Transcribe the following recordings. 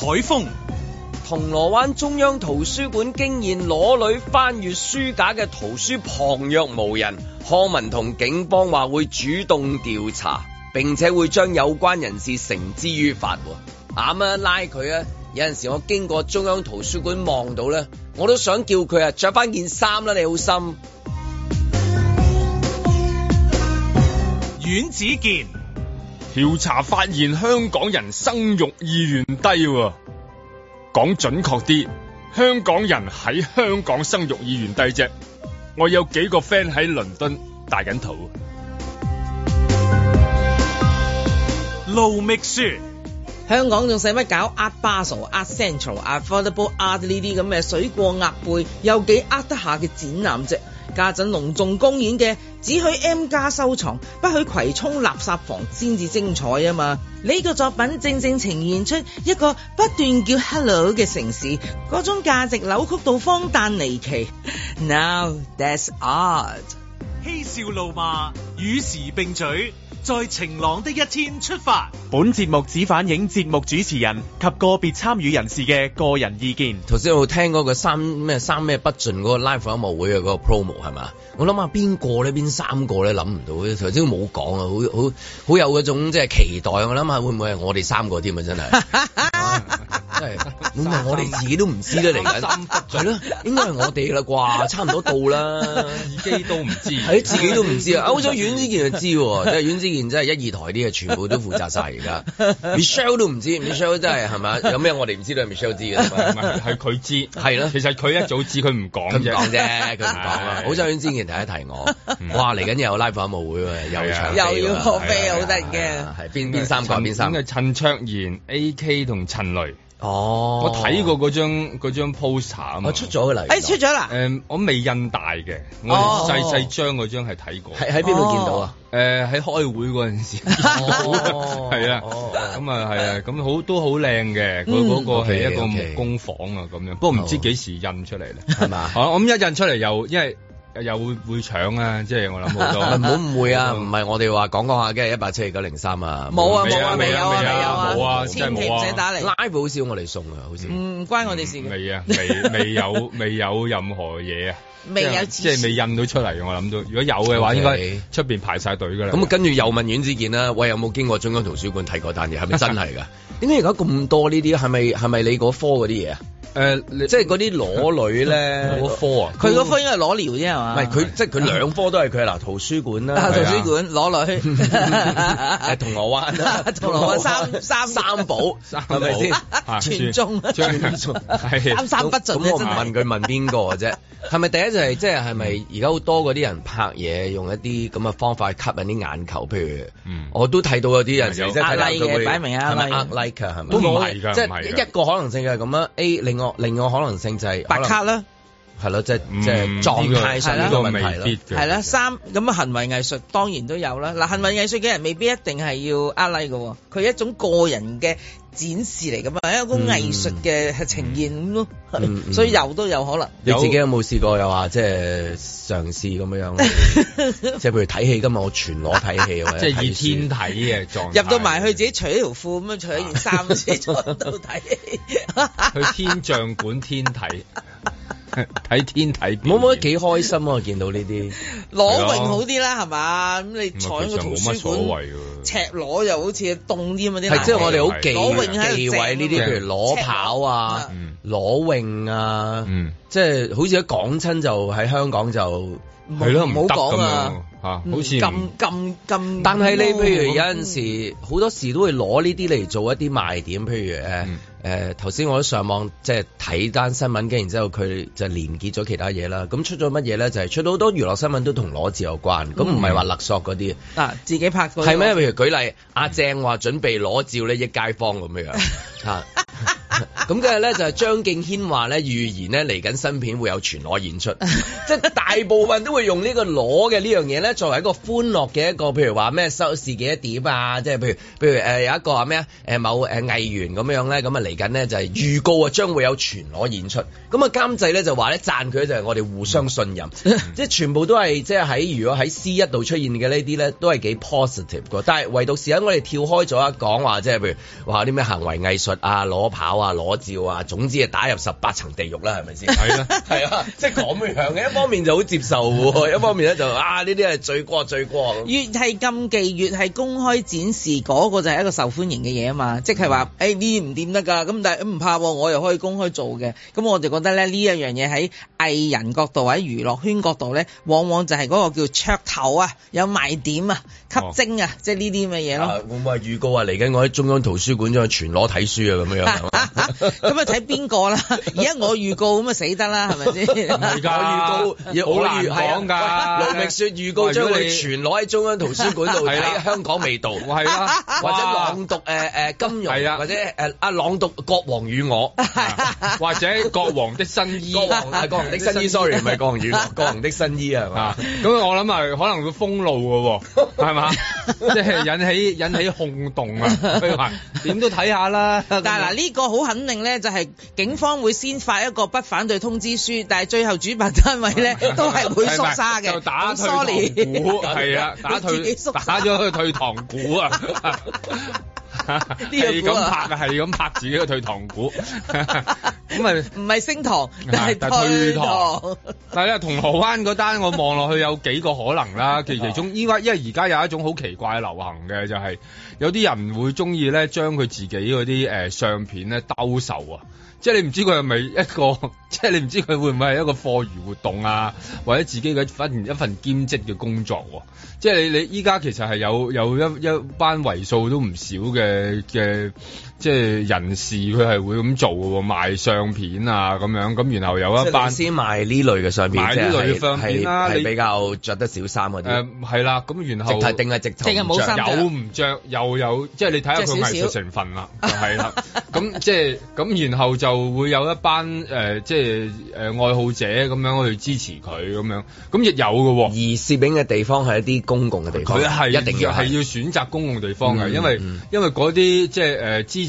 海風，銅鑼灣中央圖書館驚現裸女翻閱書架嘅圖書旁若無人，康文同警方話會主動調查，並且會將有關人士繩之於法。啱啊，拉佢啊！有陣時我經過中央圖書館望到咧，我都想叫佢啊，着翻件衫啦，你好心阮子健。調查發現香港人生育意願低、啊，講準確啲，香港人喺香港生育意願低啫、啊。我有幾個 friend 喺倫敦大緊肚路密書香港仲使乜搞？Art Basel，Art Central，Affordable Art 呢啲咁嘅水過鴨背，有幾呃得下嘅展覽啫。家陣隆重公演嘅，只許 M 家收藏，不許葵涌垃圾房先至精彩啊嘛！呢、這個作品正正呈現出一個不斷叫 Hello 嘅城市，嗰種價值扭曲到荒誕離奇。Nowthat's art。嬉 笑怒罵，與時並舉。在晴朗的一天出發。本節目只反映節目主持人及個別參與人士嘅個人意見。頭 先樂我聽嗰個三咩三咩不盡嗰個 live 音樂會嘅嗰個 promo 係嘛？我諗下邊個呢？邊三個咧？諗唔到嘅。頭先冇講啊，好好好有嗰種即係期待。我諗下會唔會係我哋三個添啊？真係。 真係，咁咪我哋自己都唔知咧，嚟緊，係咯，應該係我哋啦啩，差唔多到啦。自己都唔知，係自己都唔知啊！好在阮之健就知，即係阮之健真係一二台啲嘢全部都負責晒。而家。Michelle 都唔知，Michelle 真係係咪？有咩我哋唔知道，Michelle 知嘅？唔係，係佢知，係咯。其實佢一早知，佢唔講啫，佢唔講啊！好在阮之健提一提我，哇！嚟緊又有 live 粉舞會喎，又又要破飛，好得意啊！係邊邊三個？咁就陳卓賢、AK 同陳雷。哦，我睇過嗰張嗰張 poster 啊嘛，出咗嚟，哎出咗啦，誒我未印大嘅，我細細張嗰張係睇過，喺喺邊度見到啊？誒喺開會嗰陣時係啊，咁啊係啊，咁好都好靚嘅，佢嗰個係一個木工房啊咁樣，不過唔知幾時印出嚟咧，係嘛？哦，咁一印出嚟又因為。又會會搶啊！即係我諗好多，唔好誤會啊！唔係我哋話講講下，即係一八七二九零三啊！冇啊！冇啊！未啊！未啊！冇啊！真係冇啊！拉布好少我哋送啊，好似唔關我哋事。未啊！未未有未有任何嘢啊！未有即係未印到出嚟。我諗到，如果有嘅話，應該出面排晒隊㗎啦。咁跟住又問袁子健啦，喂，有冇經過中央圖書館睇過單嘢？係咪真係㗎？點解而家咁多呢啲？係咪係咪你嗰科嗰啲嘢啊？誒，即係嗰啲裸女咧，科啊，佢嗰科應該係裸聊啫係嘛？唔係佢，即係佢兩科都係佢。嗱，圖書館啦，圖書館裸女，係銅鑼灣，銅鑼灣三三三寶，係咪先全中？全中係三三不盡。咁我唔問佢問邊個啫？係咪第一就係即係係咪而家好多嗰啲人拍嘢用一啲咁嘅方法去吸引啲眼球？譬如，我都睇到有啲人，即係睇佢，係 like 係咪？都唔係即係一個可能性就係咁啦。A 另。另外可能性就係白卡啦。係咯，即係即係狀態上呢個問題咯。係啦，三咁行為藝術當然都有啦。嗱，行為藝術嘅人未必一定係要呃 like 嘅，佢一種個人嘅展示嚟噶嘛，一個藝術嘅呈現咁咯。所以有都有可能。你自己有冇試過又話即係嘗試咁樣樣？即係譬如睇戲今日我全裸睇戲。即係以天體嘅狀態入到埋去自己除咗條褲，咁樣除咗件衫，先坐到睇。去天象館天體。睇天睇冇冇得幾開心啊！見到呢啲裸泳好啲啦，係嘛？咁你坐個圖書館，赤裸又好似凍啲啲，啊！即係我哋好忌忌諱呢啲，譬如裸跑啊、裸泳啊，即係好似一講親就喺香港就係咯，唔好講啊！嚇、啊，好似咁咁咁，但係你譬如有陣時好、嗯、多時都會攞呢啲嚟做一啲賣點，譬如誒誒頭先我都上網即係睇單新聞，跟住之後佢就連結咗其他嘢啦。咁出咗乜嘢咧？就係、是、出到好多娛樂新聞都同裸照有關，咁唔係話勒索嗰啲啊，自己拍過係咩？譬如舉例，阿鄭話準備裸照呢，益街坊咁樣樣嚇。 咁今日咧就係張敬軒話咧預言咧嚟緊新片會有全裸演出，即 係大部分都會用呢個裸嘅呢樣嘢咧作為一個歡樂嘅一個，譬如話咩收視幾多點啊？即係譬如譬如誒有一個啊咩啊誒某誒藝員咁樣咧，咁啊嚟緊呢，就係預告啊將會有全裸演出。咁啊監製咧就話咧讚佢就係我哋互相信任，即係、嗯、 全部都係即係喺如果喺 C 一度出現嘅呢啲咧都係幾 positive 嘅。但係唯獨時間我哋跳開咗一講話，即係譬如話啲咩行為藝術啊、裸跑啊、裸啊。我照啊！總之啊，打入十八層地獄啦，係咪先？係 啊，係啊，即係咁樣嘅。一方面就好接受，一方面咧就啊，呢啲係罪過，罪過。越係禁忌，越係公開展示，嗰個就係一個受歡迎嘅嘢啊嘛！即係話，誒呢唔掂得㗎，咁但係唔怕，我又可以公開做嘅。咁我哋覺得咧，呢一樣嘢喺藝人角度、喺娛樂圈角度咧，往往就係嗰個叫噱頭啊，有賣點啊。吸睛啊！即係呢啲咁嘅嘢咯。會唔會預告啊？嚟緊我喺中央圖書館將佢全裸睇書啊，咁樣樣。咁啊睇邊個啦？而家我預告咁啊死得啦，係咪先？唔係㗎，我預告，我預講㗎。盧銘説預告將佢全裸喺中央圖書館度，喺香港味道，係或者朗讀誒誒金融，或者誒啊朗讀《國王與我》，或者《國王的新衣》。國王的新衣，sorry，唔係《國王與我》，《國王的新衣》係嘛？咁我諗啊，可能會封路㗎喎，即係 引起引起轟動啊！點 都睇下啦、啊。但係嗱，呢個好肯定咧，就係警方會先發一個不反對通知書，但係最後主辦單位咧都係會縮沙嘅， 是是打退堂鼓。係啊， 打退打咗個退堂鼓。啊。 係咁 拍啊！係咁拍自己嘅退堂鼓。咁咪唔係升堂 但係退堂。 但係咧，銅鑼灣嗰單我望落去有幾個可能啦。其其中，因為因為而家有一種好奇怪流行嘅，就係、是、有啲人會中意咧將佢自己嗰啲誒相片咧兜售啊。即係你唔知佢係咪一個，即係你唔知佢會唔會係一個課餘活動啊，或者自己嘅一份一份兼職嘅工作喎啊。即係你你依家其實係有有一一班為數都唔少嘅嘅。即係人士，佢係會咁做嘅喎，賣相片啊咁樣，咁然後有一班先賣呢類嘅相片，呢類嘅相片啦，比較着得少衫嗰啲。係啦，咁然後直頭定係直頭，有唔着又有，即係你睇下佢藝術成分啦？係啦，咁即係咁，然後就會有一班誒，即係誒愛好者咁樣去支持佢咁樣，咁亦有嘅喎。而攝影嘅地方係一啲公共嘅地方，佢一定要，係要選擇公共地方嘅，因為因為嗰啲即係誒支。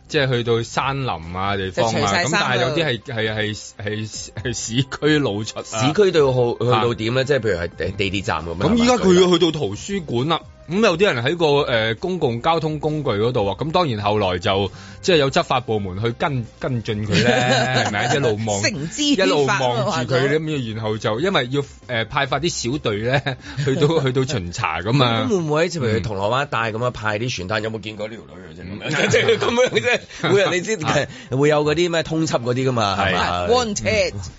即係去到山林啊地方啊，咁但係有啲係係係係係市區路出啊，市區到好去到點咧？是即係譬如係地鐵站咁樣咁而家佢要去到圖書館啦。咁有啲人喺個誒公共交通工具嗰度啊，咁當然後來就即係有執法部門去跟跟進佢咧，係咪？一路望一路望住佢咧，咁然後就因為要誒派發啲小隊咧，去到去到巡查咁啊。咁會唔會即係銅鑼灣帶咁啊？派啲傳單有冇見過呢條女嘅啫？即係咁樣啫，會你知會有嗰啲咩通緝嗰啲噶嘛？係咪啊？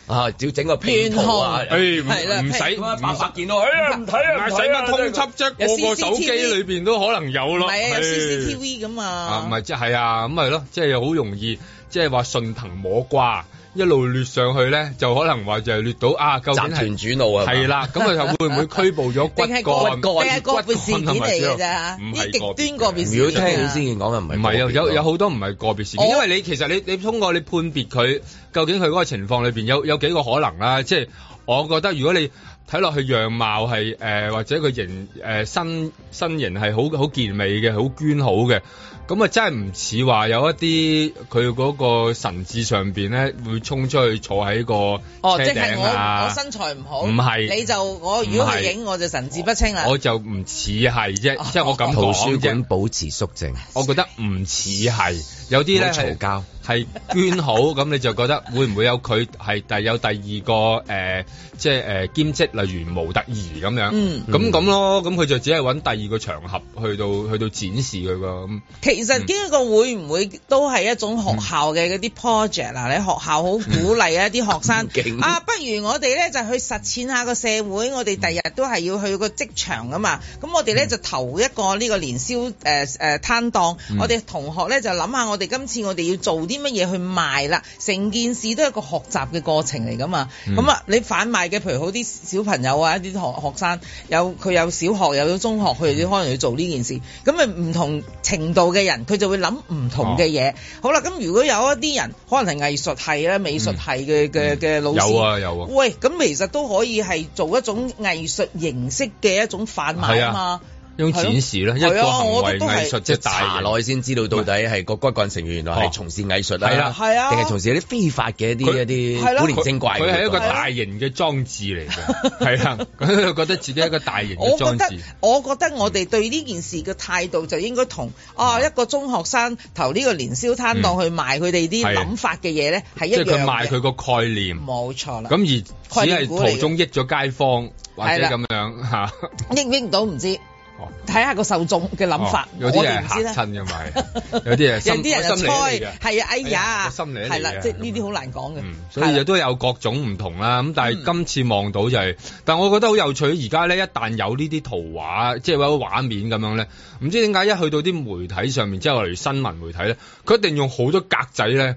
要整個平面啊，係唔使五百件都係啊，唔睇啊，唔睇啊，通緝啫，個個手。機裏邊都可能有咯，咪啊 CCTV 咁啊，唔咪即係啊咁咪咯，即係又好容易，即係話順藤摸瓜，一路掠上去咧，就可能話就係掠到啊，究竟係集團主腦啊，係啦，咁佢又會唔會拘捕咗骨幹個別事件嚟嘅啫，唔係極端個別事件啊，要聽先講嘅唔係，唔係有有好多唔係個別事件，因為你其實你你通過你判別佢究竟佢嗰個情況裏邊有有幾個可能啦，即係我覺得如果你。睇落去樣貌係誒、呃、或者佢形誒、呃、身身形係好好健美嘅，捐好娟好嘅，咁啊真係唔似話有一啲佢嗰個神志上邊咧會衝出去坐喺個車頂啊！哦、即我，我身材唔好，唔係是你就我是如果係影我就神志不清啦。我就唔似係啫，哦、即係我咁。圖書館保持肅靜，我覺得唔似係有啲咧嘈交。 係 捐好咁，你就覺得會唔會有佢係第有第二個誒，即係誒兼職，例如模特兒咁樣嗯，咁咁咯，咁、嗯、佢就只係揾第二個場合去到去到展示佢個。嗯、其實呢一個會唔會都係一種學校嘅啲 project？啊、嗯，你學校好鼓勵啊啲學生、嗯嗯、啊，不如我哋咧就去實踐下個社會，我哋第日都係要去個職場噶嘛。咁我哋咧就投一個呢個年宵誒誒攤檔，我哋同學咧就諗下，我哋今次我哋要做啲乜嘢去賣啦？成件事都係一個學習嘅過程嚟噶嘛？咁、嗯、啊，你販賣嘅，譬如好啲小朋友啊，一啲學學生，有佢有小學，有到中學，佢哋可能去做呢件事。咁啊，唔同程度嘅人，佢就會諗唔同嘅嘢。哦、好啦，咁如果有一啲人可能係藝術系咧、美術系嘅嘅嘅老師，啊、嗯、有啊。有啊喂，咁其實都可以係做一種藝術形式嘅一種販賣啊嘛。一展示啦，一個行為藝術，即係查內先知道到底係個骨幹成員，原來係從事藝術啦，係啊，定係從事啲非法嘅一啲古靈精怪異。佢係一個大型嘅裝置嚟嘅，係啦，佢覺得自己係一個大型嘅裝置。我覺得我覺得我哋對呢件事嘅態度就應該同啊一個中學生投呢個年宵攤檔去賣佢哋啲諗法嘅嘢咧係一樣嘅。即賣佢個概念，冇錯啦。咁而只係途中益咗街坊或者咁樣，嚇，益唔益到唔知。睇下個受眾嘅諗法，有啲係嚇親嘅咪，有啲係 人啲人就猜，係啊，哎呀，哎呀心理嘅，係啦、啊，即係呢啲好難講嘅、嗯，所以亦都有各種唔同啦。咁但係今次望到就係、是，嗯、但係我覺得好有趣。而家咧，一旦有呢啲圖畫，即係畫畫面咁樣咧，唔知點解一去到啲媒體上面即係，例如新聞媒體咧，佢一定用好多格仔咧。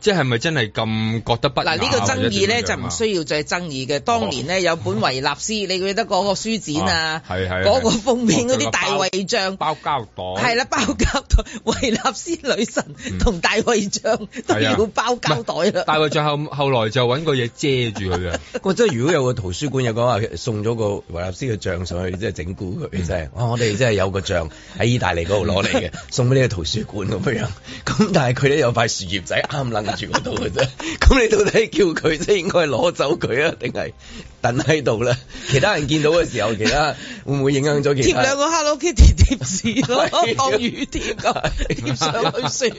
即係係咪真係咁覺得不雅。嗱，呢個爭議咧就唔需要再爭議嘅。當年呢，有本維納斯，你記得嗰個書展啊，嗰個封面嗰啲大衛像包膠袋，係啦，包膠袋維納斯女神同大衛像都要包膠袋啦。大衛像後後來就揾個嘢遮住佢嘅。哇！真係如果有個圖書館有講話送咗個維納斯嘅像上去，即係整蠱佢真係。我哋真係有個像喺意大利嗰度攞嚟嘅，送俾呢個圖書館咁樣。咁但係佢咧有塊樹葉仔啱住嗰度嘅啫，咁 你到底叫佢即係應該攞走佢啊，定係等喺度咧？其他人見到嘅時候，其他會唔會影響咗？貼兩個 Hello Kitty 貼，貼紙咯，當雨貼咁貼上去先。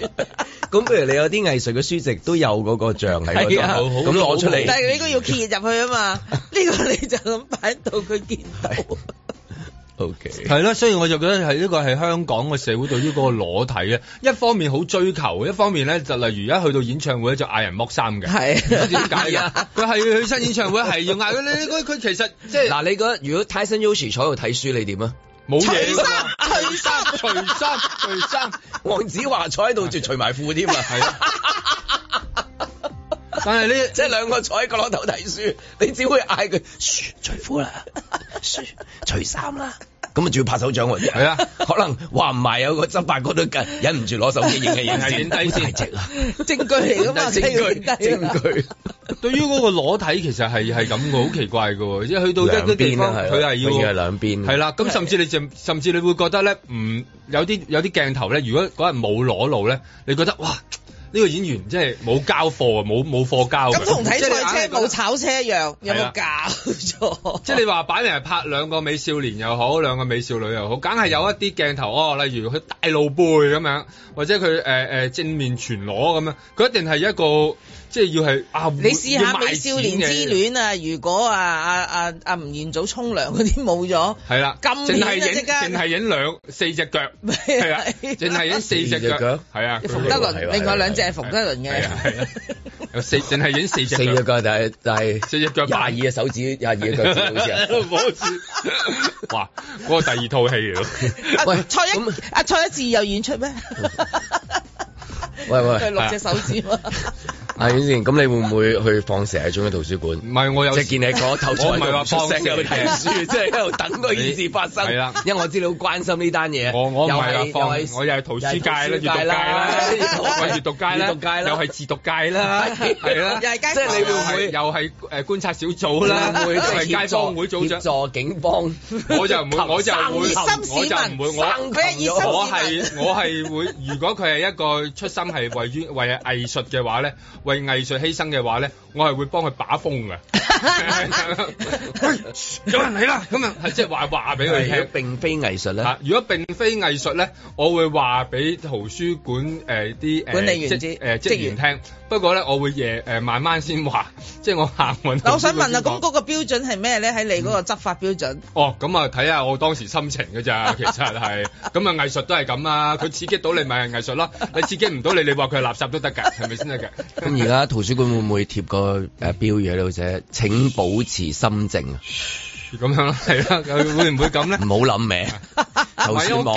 咁 不如你有啲藝術嘅書籍都有嗰個像喺度，咁攞、啊、出嚟，但係你應該要揭入去啊嘛？呢 個你就咁擺到佢見到。 O K，係咯，所以我就覺得係呢個係香港嘅社會對於嗰個裸體咧，一方面好追求，一方面咧就例如一去到演唱會咧就嗌人剝衫嘅，係、啊、點解嘅？佢係、 啊、去親演唱會係要嗌佢咧，佢佢其實即係嗱，你覺得如果 Tyson Yoshi 坐喺度睇書你點啊？冇嘢，除衫、除衫、除衫、除衫，黃子華坐喺度就除埋褲添啊，係啊。但係你，即係兩個坐喺個攞頭睇書，你只會嗌佢，噓，除褲啦，噓，除衫啦，咁啊，仲要拍手掌喎，係啊，可能話唔埋有個執法哥都跟，忍唔住攞手機影下影，影低先證據啦，證據嚟噶嘛，證據，證據。對於嗰個裸體，其實係係咁噶，好奇怪噶，即係去到一啲地方，佢係要兩邊，係啦，咁甚至你，甚至你會覺得咧，唔有啲有啲鏡頭咧，如果嗰日冇裸露咧，你覺得哇？呢個演員即係冇交貨啊，冇冇貨交。咁同睇賽車冇炒車一樣，啊、有冇搞錯？即係你話擺明係拍兩個美少年又好，兩個美少女又好，梗係有一啲鏡頭哦，例如佢大露背咁樣，或者佢誒誒正面全裸咁樣，佢一定係一個。即係要係啊！你試下《美少年之戀》啊，如果啊啊啊啊吳彥祖沖涼嗰啲冇咗，係啦，咁，年啊淨係影兩四隻腳，係啊，淨係影四隻腳，係啊，馮德倫，另外兩隻係馮德倫嘅，係啊，四，淨係影四四隻腳，但係但係四隻腳廿二嘅手指，廿二嘅腳指，好似，哇，嗰個第二套戲嚟咯，喂，蔡一啊蔡一智又演出咩？喂喂，佢六隻手指。阿永健，咁你會唔會去放蛇喺中央圖書館？唔係我有，即係見你講頭先，我唔係話放蛇入去睇書，即係喺度等個件事發生。因為我知道你好關心呢單嘢。我我唔係啦，放我又係圖書界啦，閲讀界啦，又係閲讀界啦，又係自讀界啦，係啦，即係你會唔會又係誒觀察小組啦？唔會，街坊會組長協助警方，我就唔會，我就會，我就唔會，我係我係會。如果佢係一個出身係為於為藝術嘅話咧，為為藝術犧牲嘅話咧，我係會幫佢把風嘅。 有人嚟來啦，咁啊，係即係話話俾佢聽，並非藝術咧。吓，如果並非藝術咧，我會話俾圖書館誒啲誒管理員誒職員聽。不過咧，我會夜、誒、呃、慢慢先話，即係我行穩。我想問啊，咁嗰個標準係咩咧？喺你嗰個執法標準？嗯、哦，咁啊睇下我當時心情噶咋，其實係，咁啊藝術都係咁啊，佢刺激到你咪係藝術咯，你刺激唔到你，你話佢係垃圾都得噶，係咪先得嘅？咁而家圖書館會唔會貼個誒標語喺度寫，請保持心靜 啊？咁樣係啦，會唔會咁咧？唔好諗名。頭先望到，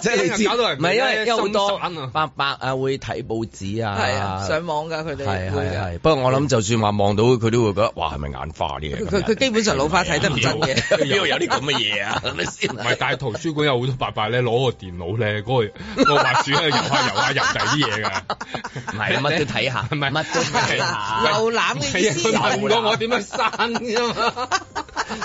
即係你自搞到人唔係因為有好多伯伯啊，會睇報紙啊，係啊，上網㗎佢哋。係係係。不過我諗，就算話望到佢，都會覺得，哇，係咪眼花啲嘢？佢佢基本上老花睇得唔真嘅。邊度有啲個咁嘅嘢啊？係咪先？唔係，但係圖書館有好多伯伯咧，攞個電腦咧，嗰個個滑鼠喺度遊下游下游曬啲嘢㗎。唔係，乜都睇下。唔係，乜都睇下。有攬你先，唔講我點樣刪啫嘛？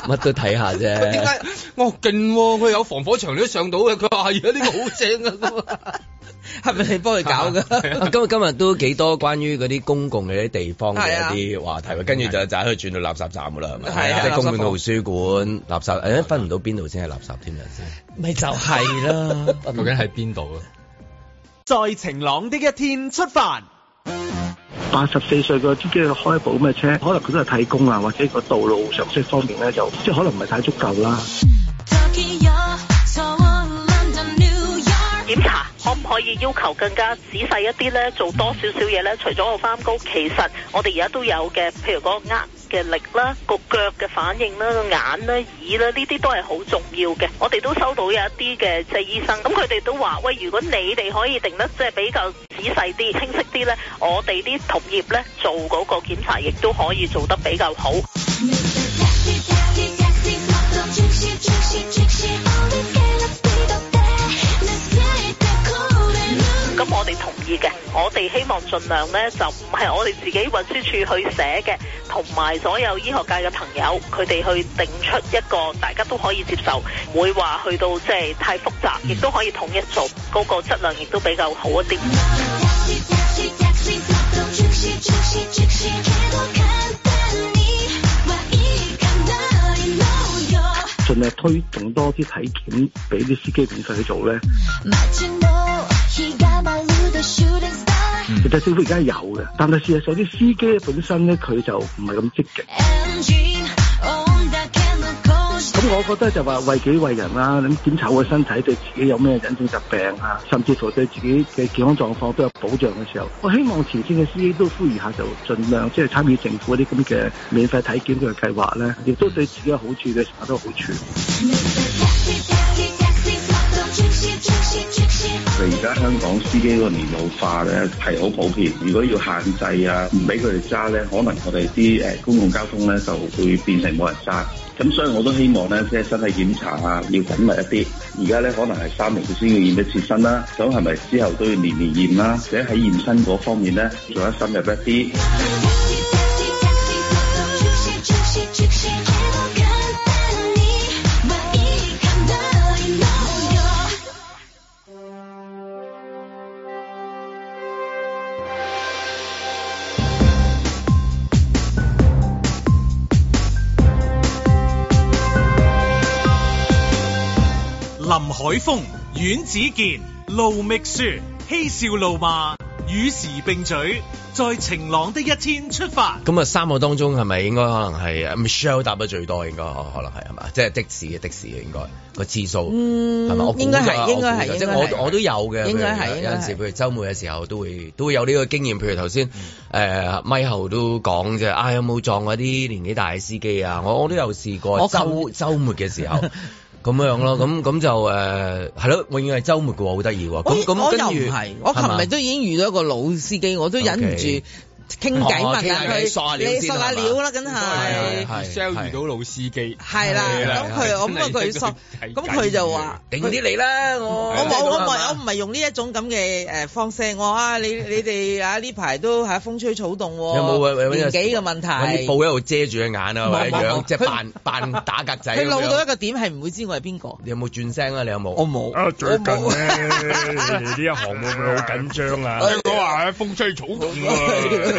乜都睇下啫。點解我勁？佢有防火牆上到嘅，佢話如果呢個好正啊，係咪你幫佢搞嘅？今今日都幾多關於嗰啲公共嘅啲地方嘅一啲話題，跟住就就去轉到垃圾站噶啦，係咪？即係公共圖書館、垃圾誒，分唔到邊度先係垃圾添啊，先咪就係啦。究竟喺邊度啊？在晴朗的一天出發。八十四歲嘅司機開部咩車？可能佢都係睇工啊，或者個道路常識方面咧，就即係可能唔係太足夠啦。檢查可唔可以要求更加仔細一啲呢？做多少少嘢呢？除咗個翻高，其實我哋而家都有嘅，譬如個壓嘅力啦、個腳嘅反應啦、個眼啦、耳啦，呢啲都係好重要嘅。我哋都收到有一啲嘅即係醫生，咁佢哋都話：喂，如果你哋可以定得即係比較仔細啲、清晰啲呢，我哋啲同業呢，做嗰個檢查，亦都可以做得比較好。我哋同意嘅，我哋希望盡量咧就唔係我哋自己運輸處去寫嘅，同埋所有醫學界嘅朋友佢哋去定出一個大家都可以接受，唔會話去到即係太複雜，亦都可以統一做嗰、那個質量，亦都比較好一啲。盡力推動多啲體檢俾啲司機本身去做咧。 嗯、其實政府而家有嘅，但係事實上啲司機本身咧佢就唔係咁積極。咁、嗯嗯、我覺得就話為己為人啦、啊，咁檢查我個身體對自己有咩隱性疾病啊，甚至乎對自己嘅健康狀況都有保障嘅時候，我希望前線嘅司機都呼籲下就盡量即係參與政府啲咁嘅免費體檢嘅計劃咧，亦都對自己有好處嘅，多好處。而家香港司機個年老化咧係好普遍，如果要限制啊，唔俾佢哋揸咧，可能我哋啲誒公共交通咧就會變成冇人揸。咁所以我都希望咧，即係身體檢查啊，要緊密一啲。而家咧可能係三年先要驗一次身啦、啊，咁係咪之後都要年年驗啦？或者喺驗身嗰方面咧，做一深入一啲。 林海峰、阮子健、盧覓雪、嬉笑怒罵，與時並舉，在晴朗的一天出發。咁啊，三個當中係咪應該可能係 Michelle 搭得最多應該？應該可能係係嘛？即係、就是、的士嘅的，的士嘅應該個次數係嘛？我應該係應該係，即係我我都有嘅。有應該係有陣時，譬如周末嘅時候都會都會有呢個經驗。譬如頭先誒，米猴、嗯呃、都講啊，有冇撞嗰啲年紀大嘅司機啊？我我都有試過我看 周 周末嘅時候。 咁樣、嗯、樣咯，咁咁就誒係咯，永遠係周末嘅喎，好得意嘅喎。咁咁跟住，我又唔係，我琴日都已經遇到一個老司機，吧我都忍唔住。Okay. 傾偈物啊！佢你索下料啦，梗係。相遇到老司機。係啦。咁佢，我咁我句索，咁佢就話：頂啲嚟啦！我我冇，我我唔係用呢一種咁嘅誒方式。我啊，你你哋啊呢排都係風吹草動喎。年紀嘅問題。好似布一路遮住隻眼啊，或者扮扮打格仔。佢老到一個點係唔會知我係邊個？你有冇轉聲啊？你有冇？我冇。最近咧，呢一行會唔會好緊張啊？我話啊，風吹草動啊！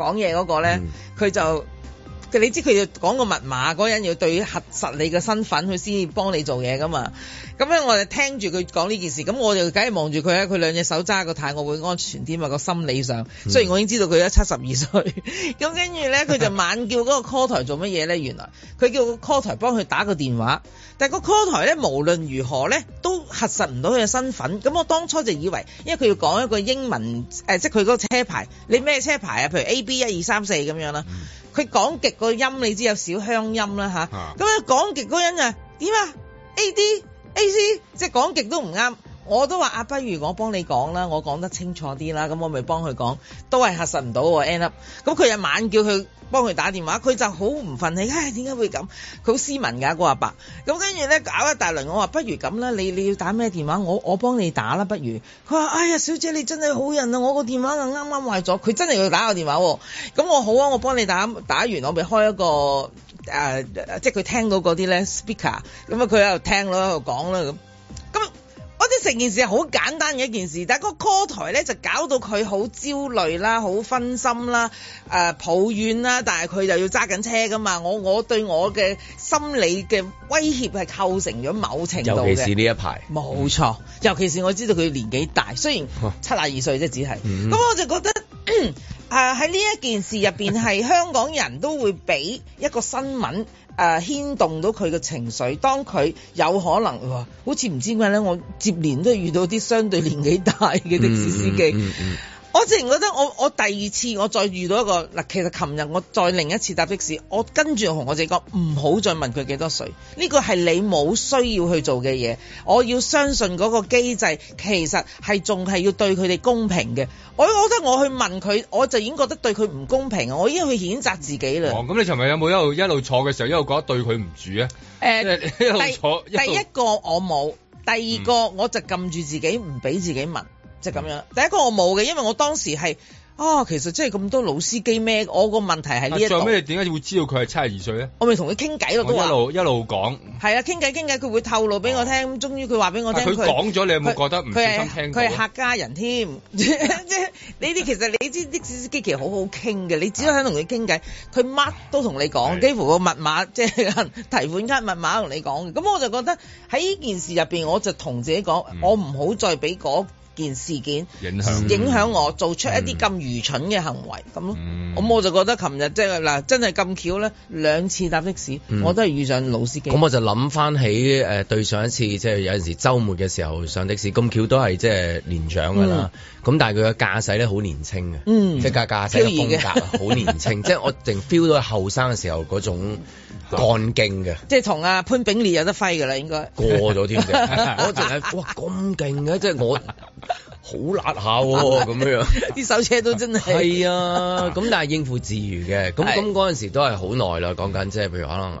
講嘢嗰個咧，佢、嗯、就你知佢要講個密碼，嗰人要對於核實你嘅身份，佢先幫你做嘢噶嘛。咁咧、嗯，我就聽住佢講呢件事，咁我就梗係望住佢啦。佢兩隻手揸個太，我會安全啲嘛。個心理上，雖然我已經知道佢而家七十二歲，咁跟住咧，佢就猛叫嗰個 call 台做乜嘢咧？原來佢叫個 call 台幫佢打個電話，但係個 call 台咧，無論如何咧，都核實唔到佢嘅身份。咁我當初就以為，因為佢要講一個英文，誒、呃，即係佢嗰個車牌，你咩車牌啊？譬如 A B 一二三四咁樣啦。佢講極個音，你知有少鄉音啦吓，咁樣講極嗰音啊？點、嗯、啊？A B。A C 即係講極都唔啱，我都話啊，不如我幫你講啦，我講得清楚啲啦，咁我咪幫佢講，都係核實唔到 end up。咁佢一晚叫佢幫佢打電話，佢就好唔忿氣，唉，點解會咁？佢好斯文㗎，個阿伯。咁跟住呢，搞一大輪，我話不如咁啦，你你要打咩電話，我我幫你打啦，不如。佢話：哎呀，小姐你真係好人啊，我個電話就啱啱壞咗，佢真係要打個電話。咁我，我好啊，我幫你打，打完我咪開一個。啊、呃，即係佢聽到嗰啲咧 speaker，咁、嗯、啊佢喺度聽啦，喺度講啦咁。咁、嗯、我覺得成件事係好簡單嘅一件事，但係個 call 台咧就搞到佢好焦慮啦，好分心啦，誒、呃、抱怨啦，但係佢就要揸緊車噶嘛。我我對我嘅心理嘅威脅係構成咗某程度嘅。尤其是呢一排。冇錯錯，嗯、尤其是我知道佢年紀大，雖然七廿二歲啫，只係、啊。咁、嗯、我就覺得，啊！喺呢一件事入邊，係香港人都會俾一個新聞啊牽、uh, 動到佢嘅情緒。當佢有可能好似唔知點解咧，我接連都遇到啲相對年紀大嘅的士司機。嗯嗯嗯嗯我自然覺得我我第二次我再遇到一個嗱，其實琴日我再另一次搭的士，我跟住同我自己講唔好再問佢幾多歲，呢個係你冇需要去做嘅嘢。我要相信嗰個機制，其實係仲係要對佢哋公平嘅。我覺得我去問佢，我就已經覺得對佢唔公平，我已經去譴責自己啦。咁、嗯、你尋日有冇一路一路坐嘅時候一路覺得對佢唔住啊？誒、欸，一路坐，第一個一路我冇，第二個、嗯、我就撳住自己唔俾自己問。即係咁樣，第一個我冇嘅，因為我當時係啊，其實真係咁多老司機咩？我個問題係呢一度。咩？點解會知道佢係七十二歲咧？我咪同佢傾偈咯，都一路一路講。係啊，傾偈傾偈，佢會透露俾我聽。終於佢話俾我聽，佢講咗，你有冇覺得唔值得聽？佢係客家人添，即係呢啲其實你知啲司機其實好好傾嘅，你只要想同佢傾偈，佢乜都同你講，幾乎個密碼即係提款卡密碼同你講嘅。咁我就覺得喺呢件事入邊，我就同自己講，我唔好再俾嗰。件事件影響影響我做出一啲咁愚蠢嘅行為咁咯，咁我就覺得琴日，即係嗱，真係咁巧咧，兩次搭的士我都係遇上老司機，咁我就諗翻起誒，對上一次，即係有陣時週末嘅時候上的士，咁巧都係即係年長噶啦，咁、嗯、但係佢嘅駕駛咧，好年輕嘅，嗯、即係駕駛嘅風格好年輕，即係我淨 feel 到後生嘅時候嗰種。幹勁嘅，即係同阿潘炳烈有得揮噶啦，應該過咗添。我淨係哇咁勁嘅，即係我好辣下喎，咁樣啲手車都真係係啊！咁但係應付自如嘅，咁咁嗰陣時都係好耐啦。講緊即係譬如可能誒誒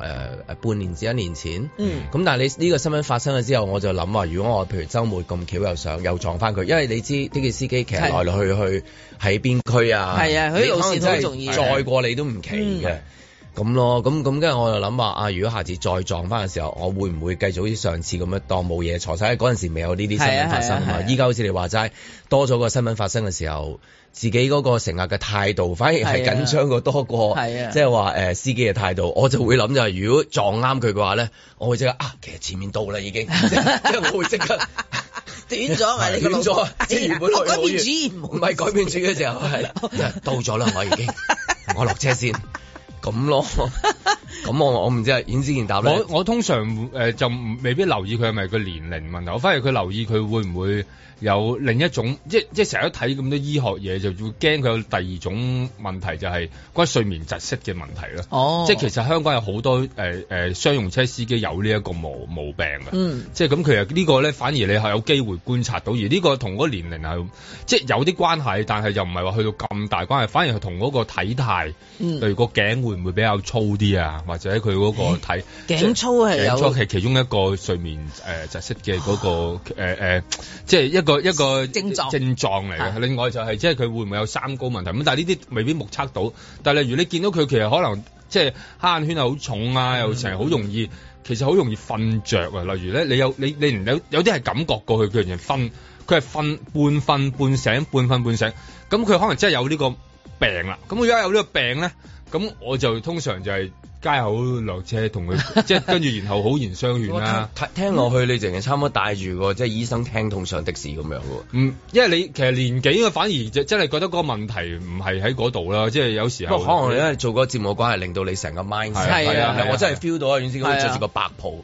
半年至一年前，咁但係你呢個新聞發生咗之後，我就諗話，如果我譬如週末咁巧又上又撞翻佢，因為你知呢個司機其實來來去去喺邊區啊，係啊，佢有時都仲要，再過你都唔奇嘅。咁咯，咁咁，跟住我就諗話啊，如果下次再撞返嘅時候，我會唔會繼續好似上次咁樣當冇嘢？錯晒嗰陣時未有呢啲新聞發生嘛？依家好似你話齋多咗個新聞發生嘅時候，自己嗰個乘客嘅態度反而係緊張過多過，即係話誒司機嘅態度，我就會諗就係如果撞啱佢嘅話咧，我會即刻啊，其實前面到啦已經，即係我會即刻短咗咪？短咗即係原本改變唔係改變主意嘅時候係到咗啦，我已經我落車先。咁咯，咁 我我唔知啊，尹子健答我我通常誒、呃、就未必留意佢係咪個年齡問題，我反而佢留意佢會唔會有另一種，即即成日都睇咁多醫學嘢，就會驚佢有第二種問題，就係、是、關於睡眠窒息嘅問題咯。哦，即其實香港有好多誒誒商用車司機有呢一個毛毛病嘅，嗯、即即咁其實個呢個咧反而你係有機會觀察到，而呢個同嗰個年齡係即有啲關係，但係又唔係話去到咁大關係，反而係同嗰個體態，例如個頸會會唔會比較粗啲啊？或者佢嗰個體頸咦是粗係頸粗係其中一個睡眠誒窒息嘅嗰個誒誒、哦呃呃，即係一個一個症狀症狀嚟嘅。是另外就係、是、即係佢會唔會有三高問題咁？但係呢啲未必目測到。但係例如你見到佢其實可能即係黑眼圈又好重啊，又成日好容易，嗯嗯、其實好容易瞓着啊。例如咧，你有你你唔有有啲係感覺過去佢成日瞓，佢係瞓半瞓半，半醒，半瞓半，半，半醒，咁佢可能真係有呢個病啦。咁如果有呢個病咧。咁我就通常就係街口落車同佢，即係跟住然後好言相勵啦。聽落去你淨係差唔多帶住個即係醫生聽筒上的士咁樣嘅喎。因為你其實年紀反而就真係覺得個問題唔係喺嗰度啦。即係有時候，可能你因為做嗰個節目關係，令到你成個 mind 係啊！我真係 feel 到啊，遠志哥著住個白袍。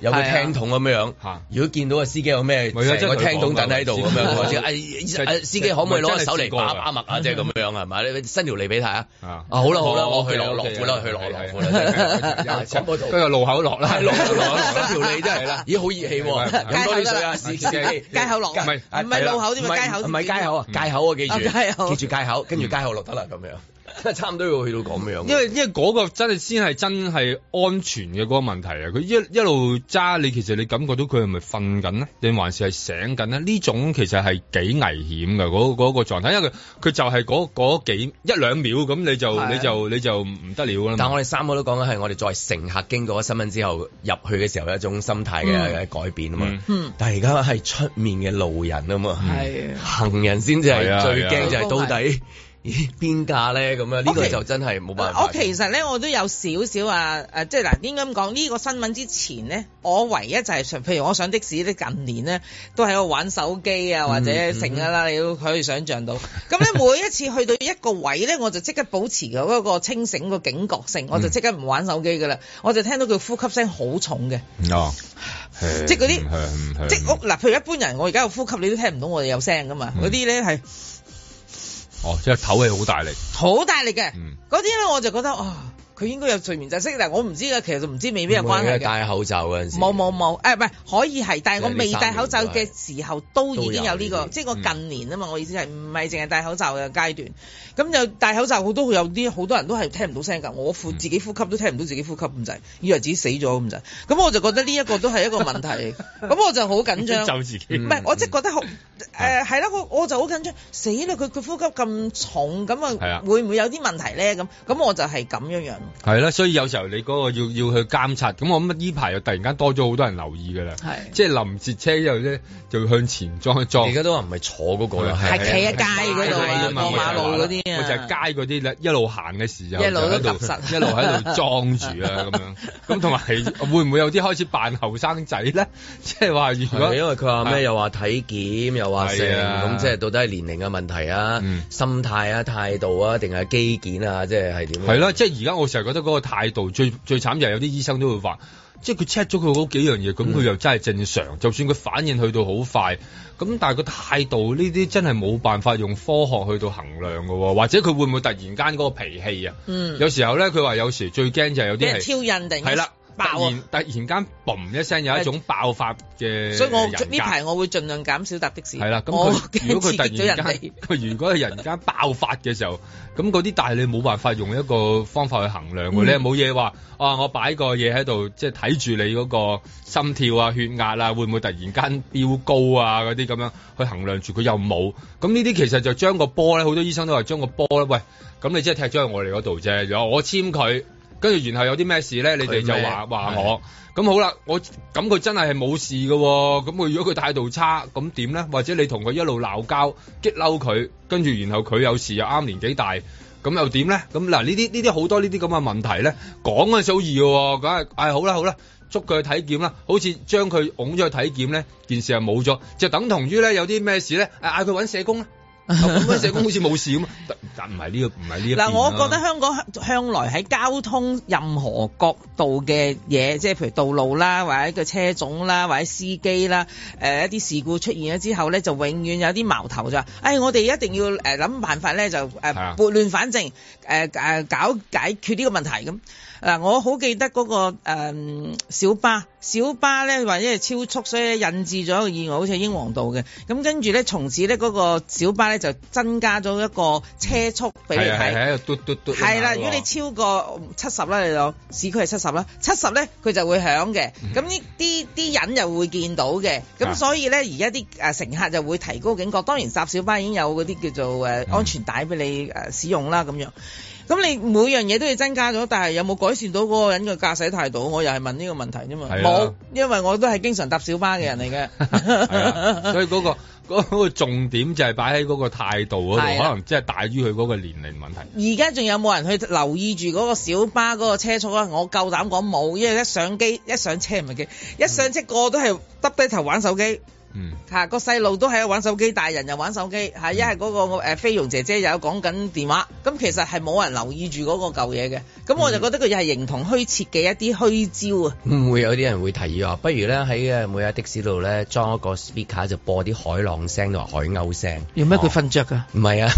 有個聽筒咁樣樣，如果見到個司機有咩，個聽筒等喺度咁樣，司機可唔可以攞個手嚟把把脈啊？即係咁樣係咪？你伸條脷俾睇啊！好啦好啦，我去落落庫啦，去落落庫跟住路口落啦，落伸條脷真係啦。咦好熱氣喎！多啲水啊，街口落，唔係唔係路口啲，街口？唔係街口啊，街口啊記住，記住街口，跟住街口落得啦咁樣。 差唔多要去到講咩樣？因為因為嗰個真係先係真係安全嘅嗰個問題啊！佢一一路揸你，其實你感覺到佢係咪瞓緊咧，定還是係醒緊咧？呢種其實係幾危險嘅嗰嗰個狀態，那個，因為佢就係嗰嗰幾一兩秒咁的，你就你就你就唔得了啦。但係我哋三個都講緊係我哋作為乘客經過咗新聞之後入去嘅時候一種心態嘅改變啊嘛。嗯嗯、但係而家係出面嘅路人啊嘛，係、嗯、的行人先至係最驚就係到底。咦，邊架咧？咁樣呢 Okay, 個就真係冇辦法。我、okay, 其實咧，我都有少少啊誒、啊，即係嗱、啊，應該咁講，呢、這個新聞之前咧，我唯一就係、是、譬如我上的士咧，近年咧都喺度玩手機啊，或者成日啦，嗯嗯、你都可以想象到。咁咧，每一次去到一個位咧， 我就即刻保持嗰個清醒嘅、那個、警覺性，我就即刻唔玩手機噶啦，我就聽到佢呼吸聲好重嘅。哦，即係嗰啲，即屋嗱，譬如一般人，我而家個呼吸你都聽唔到我哋有聲噶嘛？嗰啲咧係。哦，即係唞氣好大力，好大力嘅，嗯，嗰啲咧我就覺得啊。哦佢應該有睡眠窒息，但係我唔知嘅。其實唔知未必有關係嘅。戴口罩陣時，冇冇冇，誒唔係可以係，但係我未戴口罩嘅時候都已經有呢、這個，呢個、即係我近年啊嘛。嗯、我意思係唔係淨係戴口罩嘅階段？咁就戴口罩好多有啲好多人都係聽唔到聲㗎，我自己呼吸都聽唔到自己呼吸咁滯，以為自己死咗咁滯。咁我就覺得呢一個都係一個問題。咁 我就好緊張。 自己。唔係不，嗯、我即係覺得好誒係啦，我就好緊張，啊、死啦！佢佢呼吸咁重，咁啊會唔會有啲問題咧？咁咁我就係咁樣樣。係啦，所以有時候你嗰個要要去監察，咁我諗呢排又突然間多咗好多人留意嘅啦，即係臨節車之後咧，就要向前裝一裝。而家都話唔係坐嗰個，係企喺街嗰度過馬路嗰啲啊，就係街嗰啲咧，一路行嘅時候，一路都 𥄫 實，一路喺度裝住啊咁樣。咁同埋會唔會有啲開始扮後生仔咧？即係話如果因為佢話咩又話體檢又話剩咁，即係到底係年齡嘅問題啊、心態啊、態度啊，定係肌腱啊？即係係點？係啦，即係而家我想。覺得嗰個態度最最慘，就係有啲醫生都會話，即係佢 check 咗佢嗰幾樣嘢，咁佢、嗯、又真係正常。就算佢反應去到好快，咁但係個態度呢啲真係冇辦法用科學去到衡量㗎、哦，或者佢會唔會突然間嗰個脾氣啊？嗯，有時候咧，佢話有時最驚就係有啲人係挑突然我突然間嘣一聲是有一種爆發嘅，所以我呢排我會盡量減少搭的士。係啦，咁、嗯、佢如果佢突然間，佢如果係突然間爆發嘅時候，咁嗰啲但係你冇辦法用一個方法去衡量嘅，嗯、你冇嘢話，啊我擺個嘢喺度，即係睇住你嗰個心跳啊、血壓啊，會唔會突然間飆高啊？嗰啲咁樣去衡量住佢又冇，咁呢啲其實就將個波咧，好多醫生都話將個波咧，喂，咁你即係踢咗去我哋嗰度啫，又我簽佢。跟住然後有啲咩事咧？你哋就話話我，咁好啦，我咁佢真係係冇事嘅，咁佢如果佢態度差，咁點咧？或者你同佢一路鬧交激嬲佢，跟住然後佢有事又啱年紀大，咁又點咧？咁嗱呢啲呢啲好多呢啲咁嘅問題咧，講就易嘅，梗係嗌好啦，好啦，捉佢去體檢啦，好似將佢拱咗去體檢咧，件事係冇咗，就等同於咧有啲咩事咧，嗌佢揾社工啊。咁個社工好似冇事咁，但唔係呢個，唔係呢個。嗱，我覺得香港向來喺交通任何角度嘅嘢，即係譬如道路啦，或者個車種啦，或者司機啦，誒一啲事故出現咗之後咧，就永遠有啲矛頭就話，誒我哋一定要誒諗辦法咧，就誒撥亂反正，誒誒搞解決呢個問題咁。嗱，我好記得嗰、那個、嗯、小巴，小巴咧或者係超速，所以引致咗一個意外，好似喺英皇道嘅。咁、嗯、跟住咧，從此咧嗰、那個小巴咧就增加咗一個車速俾你睇。係係喺度嘟嘟嘟。係 啦樂， 如果你超過七十啦，你就市區係七十啦，七十咧佢就會響嘅。咁呢啲啲人又會見到嘅。咁、嗯、所以咧，而家啲誒乘客就會提高警覺。當然搭小巴已經有嗰啲叫做誒安全帶俾你誒使用啦，咁樣。咁你每樣嘢都要增加咗，但係有冇改善到嗰個人嘅駕駛態度？我又係問呢個問題啫嘛。冇、啊，因為我都係經常搭小巴嘅人嚟嘅 啊，所以嗰、嗰個、嗰個重點就係擺喺嗰個態度嗰度，啊、可能即係大於佢嗰個年齡問題。而家仲有冇人去留意住嗰個小巴嗰個車速啊？我夠膽講冇，因為一上機一上車唔係機，一上車個、嗯、個都係耷低頭玩手機。嗯、啊，吓、那個細路都喺度玩手機，大人又玩手機，吓，一係嗰個誒、呃、菲傭姐姐又有講緊電話，咁、啊、其實係冇人留意住嗰個舊嘢嘅，咁、啊嗯啊嗯、我就覺得佢又係形同虛設嘅一啲虛招啊。唔會有啲人會提議話，不如咧喺誒每日的士度咧裝一個 speaker 就播啲海浪聲同海鷗聲，有咩佢瞓着噶？唔係啊。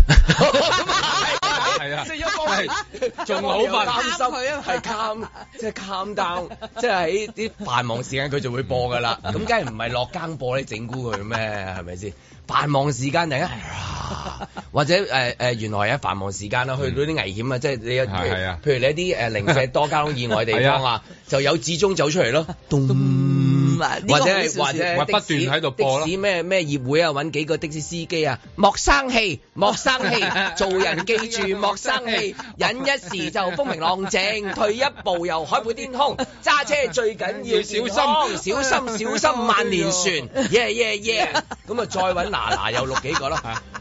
仲好煩，擔心係 down，即係 down down，即係喺啲繁忙時間佢就會播㗎喇。咁梗係唔係落更播你整蠱佢咩？係咪先？繁忙時間嚟啊！或者誒誒、呃呃，原來喺繁忙時間啦，去到啲危險啊，嗯、即係你一譬如是是是、啊、譬如你一啲誒零舍多交通意外嘅地方是啊， 就有自終走出嚟咯。咚咚 嗯、或者係揾不斷喺度播啦，咩咩業會啊，揾幾個的士司機啊，莫生氣，莫生氣，做人記住莫生氣。忍一時就風平浪靜，退一步又海闊天空，揸車最緊要小心，小心小心萬年船，耶耶耶，咁啊再揾嗱嗱又錄幾個啦。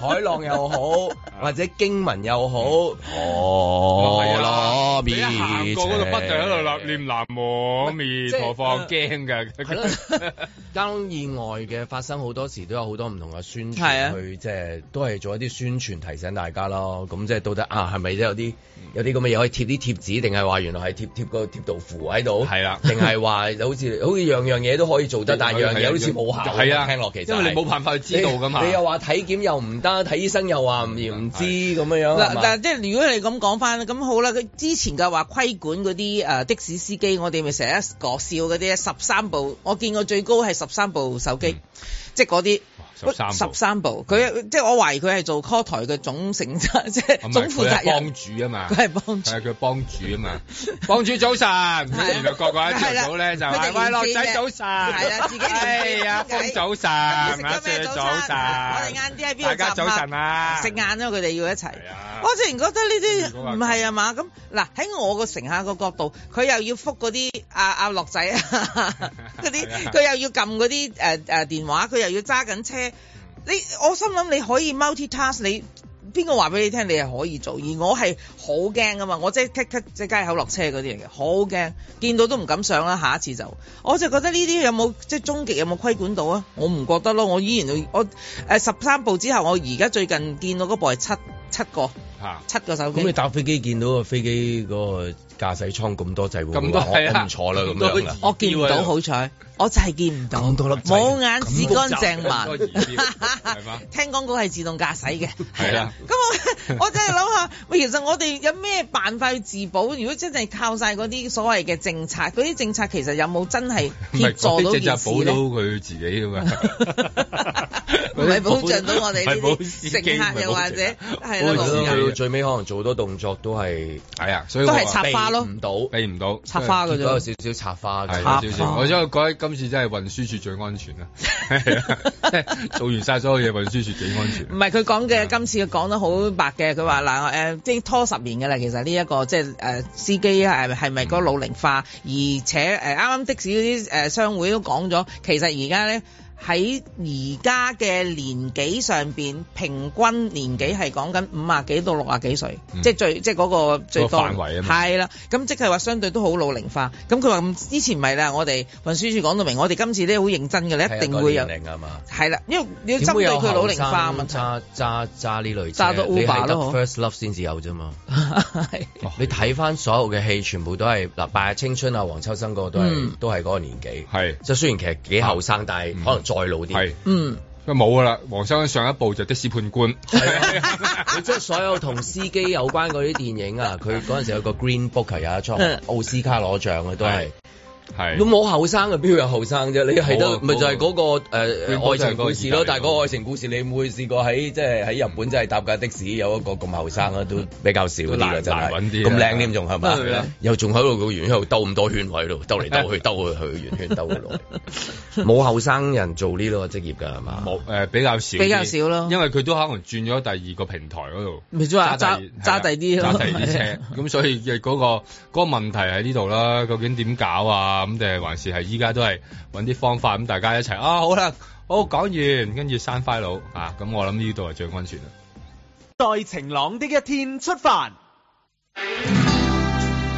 海浪又好，或者驚聞又好，哦，係啊，你一行過嗰度不斷喺度立亂攔何況驚㗎！交通意外嘅發生好多時都有好多唔同嘅宣傳，去即係都係做一啲宣傳提醒大家咯。咁即係到底啊，係咪即有啲有啲咁嘅嘢可以貼啲貼紙，定係話原來係貼貼個貼道符喺度？係啦，定係話好似好似樣樣嘢都可以做得，但係樣嘢好似冇效，係啊，聽落其實，你冇辦法去知道㗎嘛。你又話體檢又唔～睇醫生又話唔唔知咁樣、嗯、樣。嗱嗱但吧，即係如果你咁講翻，咁好啦。佢之前嘅話規管嗰啲誒的士司機，我哋咪成日講笑嗰啲十三部，我見過最高係十三部手機，嗯、即係嗰啲。十三部，佢即係我懷疑佢係做 call 台嘅總成，即係總負責人。幫主啊嘛，佢係幫主，係佢幫主啊嘛。幫主早晨，原來個個一朝早咧就，喂樂仔早晨，係啦，自己嚟啊，風早晨，阿謝早晨，我哋晏啲喺邊度集合？食晏啦，佢哋要一齊。我自然覺得呢啲唔係啊嘛，咁嗱喺我個乘客個角度，佢又要覆嗰啲阿阿樂仔啊，嗰啲佢又要撳嗰啲誒誒電話，佢又要揸緊車。你我心諗，你可以 multi-task，你邊個話俾你聽你係可以做？而我係好驚噶嘛，我即係即即街口落車嗰啲嚟嘅，好驚，見到都唔敢上啦，下一次就，我就覺得有有有有呢啲有冇即係終極有冇規管到啊？我唔覺得咯，我依然我誒十三部之後，我而家最近見到嗰部係七七個，啊、七個手機。咁你搭飛機見到個飛機嗰、嗰個？駕駛艙咁多掣，咁多係啊，唔錯啦咁樣我見到，好彩，我就係見唔到，冇眼屎乾淨嘛。聽講嗰個係自動駕駛嘅，係啦。咁我真就係諗下，喂，其實我哋有咩辦法去自保？如果真係靠晒嗰啲所謂嘅政策，嗰啲政策其實有冇真係協助到件事到佢自己咁啊，唔係保障到我哋啲乘客又或者係。去到最尾可能做多動作都係係啊，所以都係插花唔到，避唔到，插花嘅啫，少少插花嘅，少少。插花，我真係覺得今次真係運輸署最安全啦， 做完晒所有嘢，運輸署最安全。唔係佢講嘅，的今次佢講得好白嘅，佢話嗱誒，即係拖十年嘅啦。其實呢、這、一個即係誒、呃、司機係係咪個老齡化，嗯、而且誒啱啱的士嗰啲誒商會都講咗，其實而家咧。喺而家嘅年紀上邊，平均年紀係講緊五啊幾到六啊幾歲，即係最即係嗰個最多範圍啊，係啦，咁即係話相對都好老齡化。咁佢話，之前唔係啦，我哋運輸署講到明，我哋今次咧好認真嘅，一定會有。係啦，因為你要針對佢老齡化嘛。揸揸揸呢類車，你係得 First Love 先至有啫嘛。你睇翻所有嘅戲，全部都係嗱，八啊青春啊，黃秋生個都係都係嗰個年紀，係即係雖然其實幾後生，但係可能。再老啲，係嗯，佢冇噶啦。黃生上一部就《的士判官》，係啊，係啊，佢將所有同司機有關嗰啲電影啊，佢嗰陣時有個 Green Book 係有一出奧斯卡攞獎嘅，都係。係都冇後生嘅，邊有後生啫？你係都咪就係嗰個誒愛情故事咯？但係嗰個愛情故事，你會試過喺即係喺日本真係搭架的士，有一個咁後生咧，都比較少啲啦，真係咁靚添仲係咪？又仲喺度個圓圈度兜咁多圈位度兜嚟兜去，兜去去，圓圈兜去嚟。冇後生人做呢個職業㗎係嘛？冇誒比較少，比較少咯。因為佢都可能轉咗第二個平台嗰度，揸揸揸第啲咯，揸第啲車。咁所以嘅嗰個嗰個問題喺呢度啦，究竟點搞啊？.啊，咁定係還是係依家都係揾啲方法，咁大家一齊啊、哦，好啦，好講完，跟住刪 file 啊，咁我諗呢度係最安全啦。在晴朗的一天出發。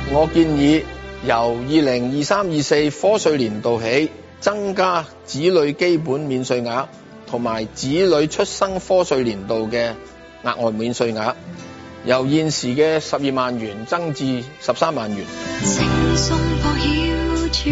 我建議由二零二三二四科稅年度起，增加子女基本免稅額同埋子女出生科稅年度嘅額外免稅額，由現時嘅十二萬元增至十三萬元。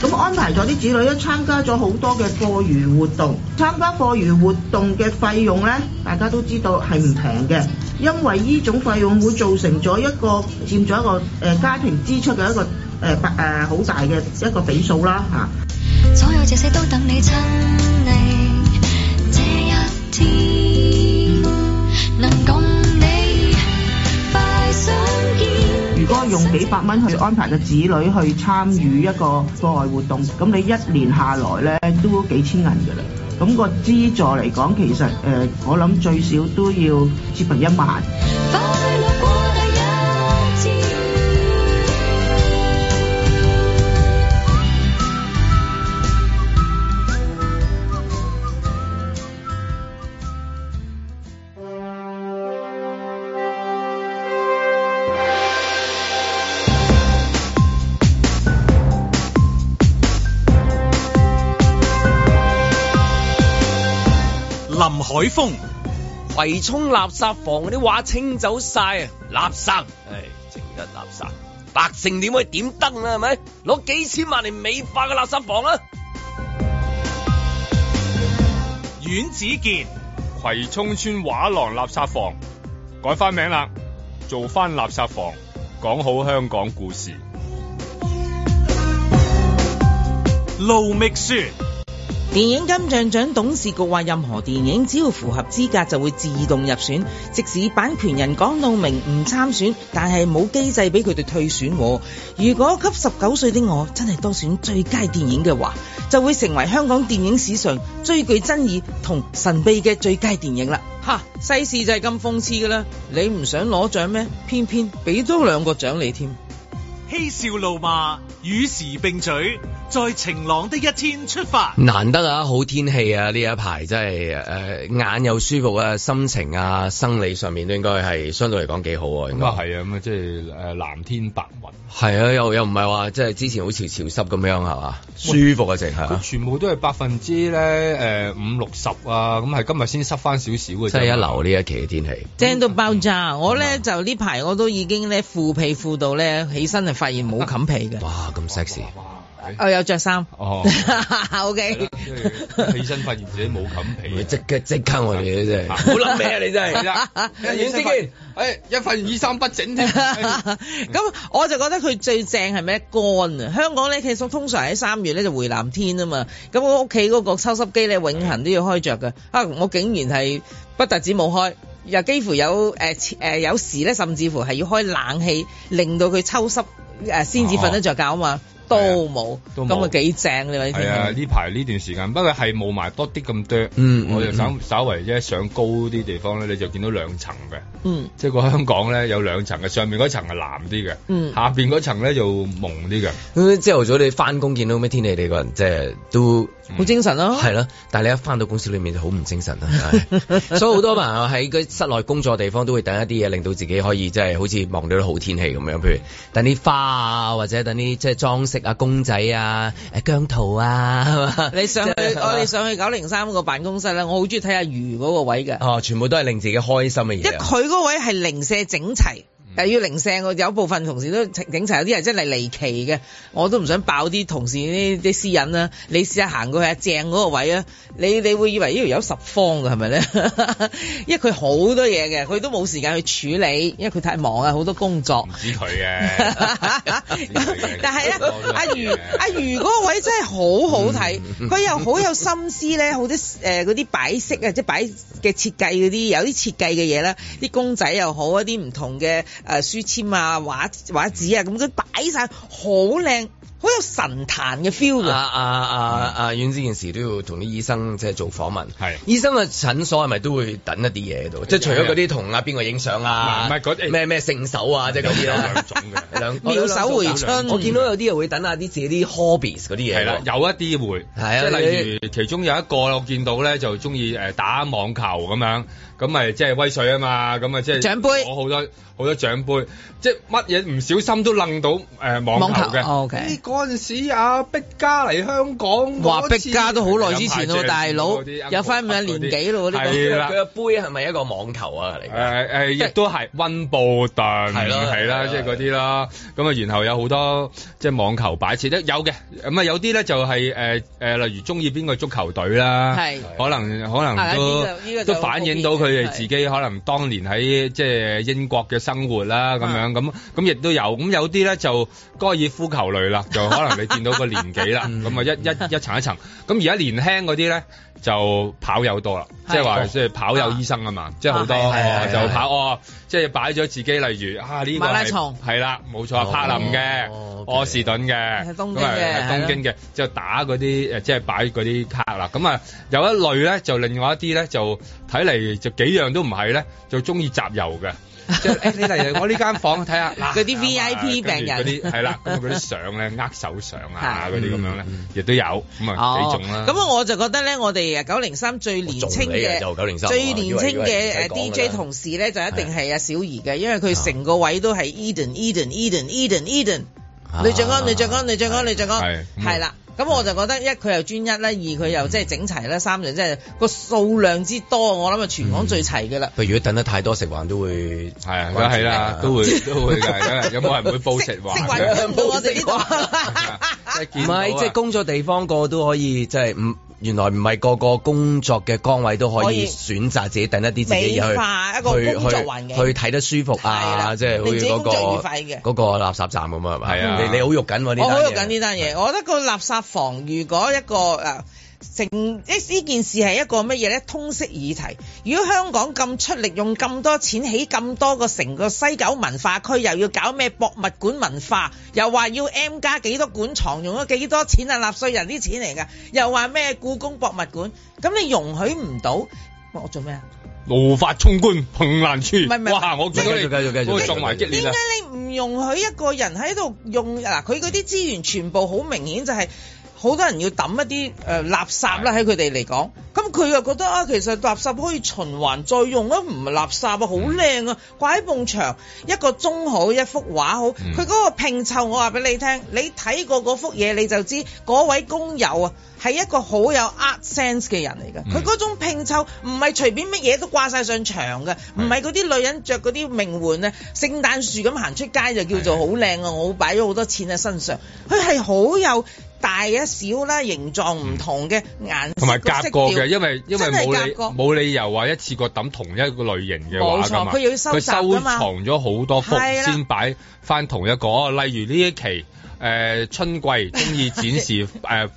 咁安排咗啲子女呢，參加咗好多嘅課餘活動，參加課餘活動嘅費用咧，大家都知道係唔平嘅，因為呢種費用會造成咗一個佔咗一個誒、呃、家庭支出嘅一個誒誒好大嘅一個比數啦嚇。所有這些都等你親歷這一天，能共你快相見。該用幾百蚊去安排個子女去參與一個課外活動，咁你一年下來咧都幾千銀嘅啦。咁個資助嚟講，其實誒、呃、我諗最少都要接近一萬。林海峰，葵涌垃圾房嗰啲畫清走晒啊，垃圾，唉，淨一垃圾，百姓點可以點燈啊？係咪？攞幾千萬嚟美化個垃圾房啊？阮子健，葵涌村畫廊垃圾房改翻名啦，做翻垃圾房，講好香港故事。盧覓雪。電影金像獎董事局話：任何電影只要符合資格就會自動入選，即使版權人講到明唔參選，但係冇機制俾佢哋退選。如果《給十九歲的我》真係當選最佳電影嘅話，就會成為香港電影史上最具爭議同神秘嘅最佳電影啦！吓，世事就係咁諷刺噶啦！你唔想攞獎咩？偏偏俾多兩個獎你添，嬉笑怒罵與時並舉。在晴朗的一天出發，難得啊，好天氣啊！呢一排真係誒、呃、眼又舒服啊，心情啊，生理上面都應該係相對嚟講幾好。應該係啊，咁、嗯嗯嗯、即係誒藍天白雲，係啊，又又唔係話即係之前好似潮，潮濕咁樣係嘛，哇舒服啊，淨係。全部都係百分之咧誒五六十啊，咁、嗯、係今日先濕翻少少嘅。真係一流呢一期嘅天氣，正到爆炸！我咧就呢排我都已經咧敷被敷到咧，起身啊發現冇冚被嘅。哇，咁 sexy！ oh, okay. 我有着衫哦，OK。起身發現自己冇冚被，即刻即刻我哋都真係冇諗咩啊！你真係、 哎，一蚊先，一份衣衫不整添。咁、哎、 我就覺得佢最正係咩？乾啊！香港咧其實通常喺三月咧就回南天啊嘛。咁我屋企嗰個抽濕機咧，永恆都要開着噶。嗯、啊，我竟然係不特止冇開，又幾乎有誒誒，有時咧甚至乎係要開冷氣，令到佢抽濕誒先至瞓得着覺啊嘛。嗯都冇，咁啊幾正你咪？係啊的！呢排呢段時間，不過係霧霾多啲咁多，嗯，我就稍、嗯、稍微啫上高啲地方咧，你就見到兩層嘅，嗯，即係個香港咧有兩層嘅，上面嗰層係藍啲嘅，嗯、下邊嗰層咧就蒙啲嘅。朝頭早你翻工見到咩天氣，你個人即係都好精神咯、啊，係咯、嗯。但係你一翻到公司裏面就好唔精神啦， 所以好多朋友喺個室內工作嘅地方都會等一啲嘢，令到自己可以即係好似望到好天氣咁樣，譬如等啲花啊，或者等啲即係裝飾。啊公仔啊，誒姜濤啊，係嘛？你上去我哋 上去九零三個辦公室咧，我好中意睇阿余嗰個位嘅。哦，全部都係令自己開心嘅嘢，一佢嗰位係零舍整齊。又要零舍，我有部分同事都整齊，警察有啲人真係離奇嘅，我都唔想爆啲同事啲啲私隱啦。你試下行過去阿鄭嗰個位啊，你你會以為呢度有十方嘅係咪咧？ 因為佢好多嘢嘅，佢都冇時間去處理，因為佢太忙啊，好多工作。知佢嘅，但係咧，阿、啊、如，阿如嗰個位真係好好睇，佢又好有心思咧，好多誒啲擺飾啊，即係擺嘅設計嗰啲，有啲設計嘅嘢啦，啲公仔又好，一啲唔同嘅。誒書簽啊、畫畫紙啊，咁都擺晒，好靚，好有神壇嘅 feel 啊，阿阿阿阿婉芝件事都要同啲醫生即係做訪問。係，醫生嘅診所係咪都會等一啲嘢喺度？即係除咗嗰啲同阿邊個影相啊，唔係嗰啲咩咩聖手啊，即係嗰啲咯。兩種嘅，兩妙手回春。我見到有啲人會等下啲自己啲 hobbies 嗰啲嘢。係啦，有一啲會，即係例如其中有一個我見到咧，就中意誒打網球咁樣。咁咪即係威水啊嘛！咁啊，即係獎盃，我好多好多獎盃，即係乜嘢唔小心都楞到誒網球嘅。OK，嗰陣時阿碧加嚟香港，話碧加都好耐之前咯，大佬有翻五十年幾咯。係啦，個杯係咪一個網球啊嚟？誒誒，亦都係溫布頓係啦，係啦，即係啲啦。咁啊，然後有好多即係網球擺設咧，有嘅。咁啊，有啲咧就係誒誒例如中意邊個足球隊啦，係可能可能都都反映到佢。佢哋自己可能當年喺即係英國嘅生活啦，咁、嗯、樣咁咁亦都有，咁有啲咧就高爾夫球類啦，就可能你見到個年紀啦，咁啊 一一一層一層咁而家年輕嗰啲咧。就跑友多啦，即係話即係跑友醫生啊嘛，啊即係好多、啊、就跑哦，即係擺咗自己例如啊呢、這個係，係啦冇錯，柏林嘅，柯、oh, okay, 士頓嘅，係東京嘅，東京嘅就打嗰啲誒，即係擺嗰啲卡啦，咁啊有一類咧就另外一啲咧就睇嚟就幾樣都唔係咧，就中意集郵嘅。即係誒，你嚟我呢間房睇下嗱，嗰啲 V I P 病人嗰啲係啦，咁嗰啲相咧握手相啊嗰啲咁樣咧，亦都有咁啊幾種啦。咁啊、 哦、我就覺得咧，我哋啊九零三最年青嘅九零三最年青嘅誒 D J 同事咧，就一定係阿小儀嘅，因為佢成個位都係、e、Eden Eden Eden Eden Eden，女長安，女長安，女長安，女長安。係啦。咁、嗯、我就覺得一佢又專一咧，二佢又即係整齊咧，嗯、三樣即係個數量之多，我諗啊全港最齊嘅啦。佢、嗯、如果等得太多食環都會係啊，都係啦，都會都會 有冇人會報食，食，食，食環？冇我食環。唔係，即係工作地方過都可以，即係唔。嗯原來唔係個個工作嘅崗位都可以選擇自己等一啲自己嘢去，去去去睇得舒服啊！即係好似嗰個嗰個垃圾站咁啊嘛，係啊！你你好喐緊呢單嘢，我好喐緊呢單嘢。我覺得個垃圾房如果一個啊。成即呢件事係一個乜嘢呢？通識議題。如果香港咁出力用咁多錢起咁多個成個西九文化區，又要搞咩博物館文化，又話要 M+ 幾多館藏，用咗幾多錢啊？納稅人啲錢嚟噶，又話咩故宮博物館，咁你容許唔到？我做咩啊？怒髮衝冠，憑欄處。唔係唔係，哇！我繼續繼續繼續，撞埋激烈。點解你唔容許一個人喺度用嗱？佢嗰啲資源全部好明顯就係。好多人要抌一啲誒、呃、垃圾啦，喺佢哋嚟講，咁佢又覺得啊，其實垃圾可以循環再用啊，唔係垃圾啊，好靚啊，掛喺埲牆一個鐘好一幅畫好，佢嗰、嗯、個拼湊我話俾你聽，你睇過嗰幅嘢你就知嗰位工友啊係一個好有 art sense 嘅人嚟㗎，佢嗰、嗯、種拼湊唔係隨便乜嘢都掛晒上牆嘅，唔係嗰啲女人着嗰啲名媛啊。聖誕樹咁行出街就叫做好靚啊，我擺咗好多錢喺身上，佢係好有。大一小啦，形狀唔同嘅，顏同埋隔過嘅，因為因為冇理冇理由話一次過抌同一個類型嘅話噶嘛，佢要收藏咗好多幅先擺翻同一個。例如呢一期誒，春季中意展示誒，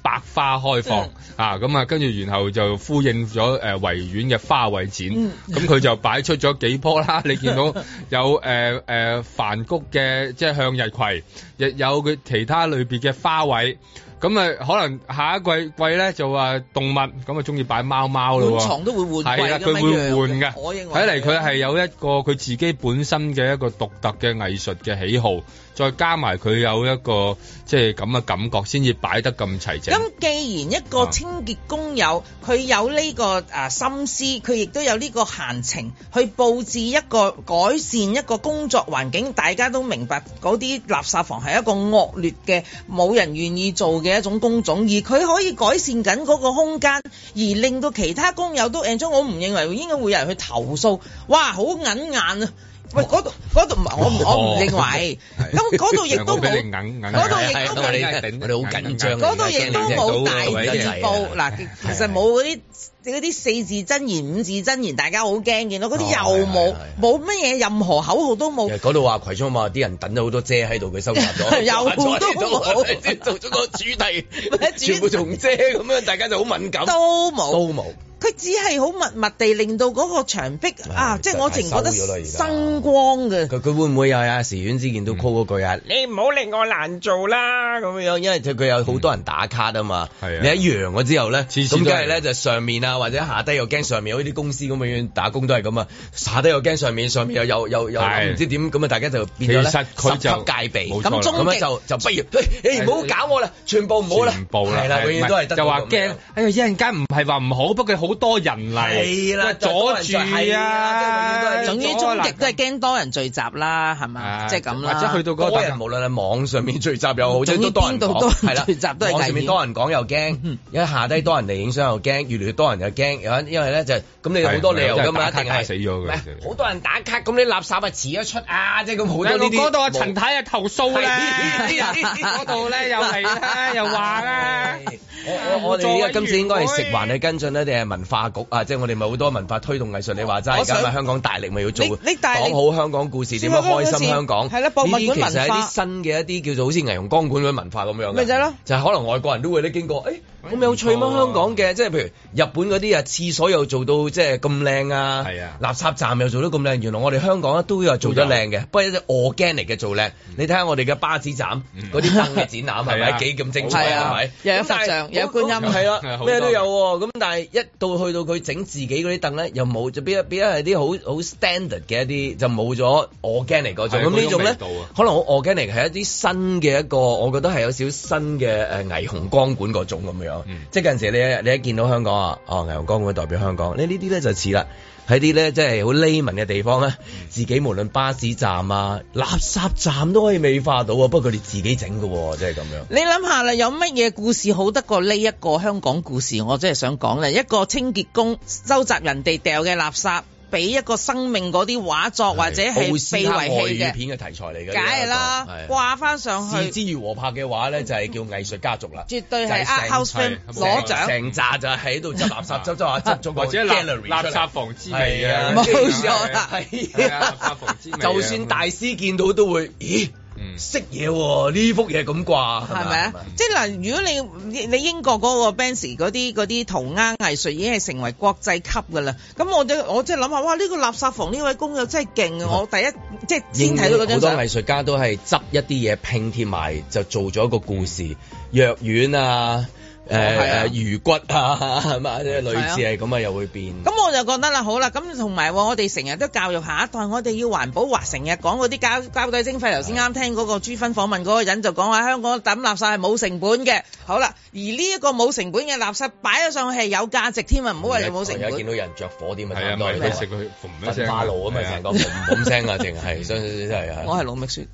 百花開放啊，咁啊跟住然後就呼應咗誒維園嘅花卉展，咁佢就擺出咗幾棵。啦你見到有誒誒梵谷嘅，即係向日葵，亦有佢其他類別嘅花卉。咁啊，可能下一季季咧就話動物，咁啊，中意擺貓貓咯喎。換床都會換季咁樣。係啦，佢會換嘅。我認為睇嚟佢係有一個佢自己本身嘅一個獨特嘅藝術嘅喜好。再加埋佢有一個即係咁嘅感覺，先至擺得咁齊整。咁既然一個清潔工友佢、啊、有呢、這個啊心思，佢亦都有呢個閒情去佈置一個改善一個工作環境。大家都明白嗰啲垃圾房係一個惡劣嘅冇人願意做嘅一種工種，而佢可以改善緊嗰個空間，而令到其他工友都 enjoy 咗。我唔認為應該會有人去投訴。哇，好隱眼啊！喂，嗰度嗰度唔係我唔我唔認為，咁嗰度亦都冇，嗰度亦都好緊張，嗰度亦都冇大字報。嗱，其實冇嗰啲嗰啲四字真言、五字真言，大家好驚見到嗰啲又冇冇乜嘢，任何口號都冇。嗰度話葵涌嘛，啲人等咗好多遮喺度，佢收埋咗，又都有都冇 做咗個主題，主題全部遮咁樣，大家就好敏感。都冇，都冇。佢只係好密密地令到嗰個牆壁啊，即係我淨覺得生光嘅。佢佢會唔會又係時遠之見到 call 嗰句啊？你唔好令我難做啦咁樣，因為佢有好多人打卡啊嘛。你一揚咗之後呢，咁梗係就上面啊，或者下低又驚上面有啲公司咁樣，打工都係咁啊。下低又驚上面，上面又有有有唔知點咁啊，大家就變咗十級戒備。咁中職就就不如唔好搞我啦，全部唔好啦，係啦，永遠都係得就話驚。哎呀，一陣間唔係話唔好，不過好多人嚟，阻住啊！總之亦都都係驚多人聚集啦，係咪？即係咁啦。或者去到嗰個，無論係網上面聚集又好，即係都多人講。係啦，聚集都係。網上面多人講又驚，因為下低多人嚟影相又驚，越嚟越多人又驚。因為咧就咁，你好多理由㗎嘛，一定係死咗嘅。好多人打卡，咁啲垃圾啊遲咗出啊！即係咁好多呢啲。嗰度啊，陳太啊投訴咧，嗰度咧又係啦，又話啦。我我我哋依家今次應該係食環去跟進咧，定係文？文化局啊，即係我哋咪好多文化推動藝術。我你話話齋係而家咪香港大力咪要做？講好香港故事，點樣開心香港？係咯是，博物館港文，文其實係一啲新嘅一啲叫做好似霓虹光管嗰啲文化咁樣嘅。就係咧？就係可能外國人都會咧經過，哎咁有趣嗎？香港嘅即係譬如日本嗰啲啊，廁所又做到即係咁靚啊，垃圾站又做到咁靚，原來我哋香港咧都有做得靚嘅，不過一隻 organic 嘅做靚，你睇下我哋嘅巴士站嗰啲燈嘅展覽係咪幾咁精彩啊？又有佛像，又有觀音，係咯，咩都有。咁但係一到去到佢整自己嗰啲凳咧，又冇就變咗變咗係啲好好 standard 嘅一啲，就冇咗 organic 嗰種，咁呢種咧，可能我 organic 係一啲新嘅一個我覺得係有少少新嘅誒霓虹光管嗰種咁樣。嗯、即係嗰陣時，你你一見到香港啊，哦，霓虹光管代表香港，你呢啲咧就似啦，喺啲咧即係好匿文嘅地方咧，嗯、自己無論巴士站啊、垃圾站都可以美化到啊，不過佢哋自己整嘅喎，即係咁樣。你諗下啦，有乜嘢故事好得過呢一個香港故事？我真係想講咧，一個清潔工收集人哋掉嘅垃圾。俾一個生命嗰啲畫作，或者係被遺棄嘅。奧斯卡外語片嘅題材嚟嘅，梗係啦，掛翻上去。至於和拍嘅話咧，就係叫藝術家族啦。絕對係 Houseman 攞獎，成扎就喺度執垃圾，執執下或者垃圾房之味啊！冇錯啦，垃圾房之味。就算大師見到都會咦？識嘢喎，呢幅嘢咁啩，係咪啊？即嗱，如果你你英國嗰個 Benz 嗰啲嗰啲塗鴉藝術已經係成為國際級㗎喇，咁我哋，我即係諗下，哇！呢、呢個垃圾房呢位工友真係勁啊！我第一即係是先睇到嗰張相。好多藝術家都係執一啲嘢拼貼埋，就做咗一個故事藥丸啊！誒，魚骨啊，係嘛，即類似係咁啊，又會變。咁我就覺得啦，好啦，咁同埋我哋成日都教育下一代，我哋要環保。話成日講嗰啲交交稅徵費，頭先啱聽嗰個朱薰訪問嗰個人就講啊，香港抌垃圾係冇成本嘅。好啦，而呢一個冇成本嘅垃圾擺咗上去係有價值添啊，唔好話你冇成。而家見到人着火點啊，係啊，咪你食佢馴化爐咁啊，成個馴化爐咁聲啊，定係，真係真係，我係老米雪。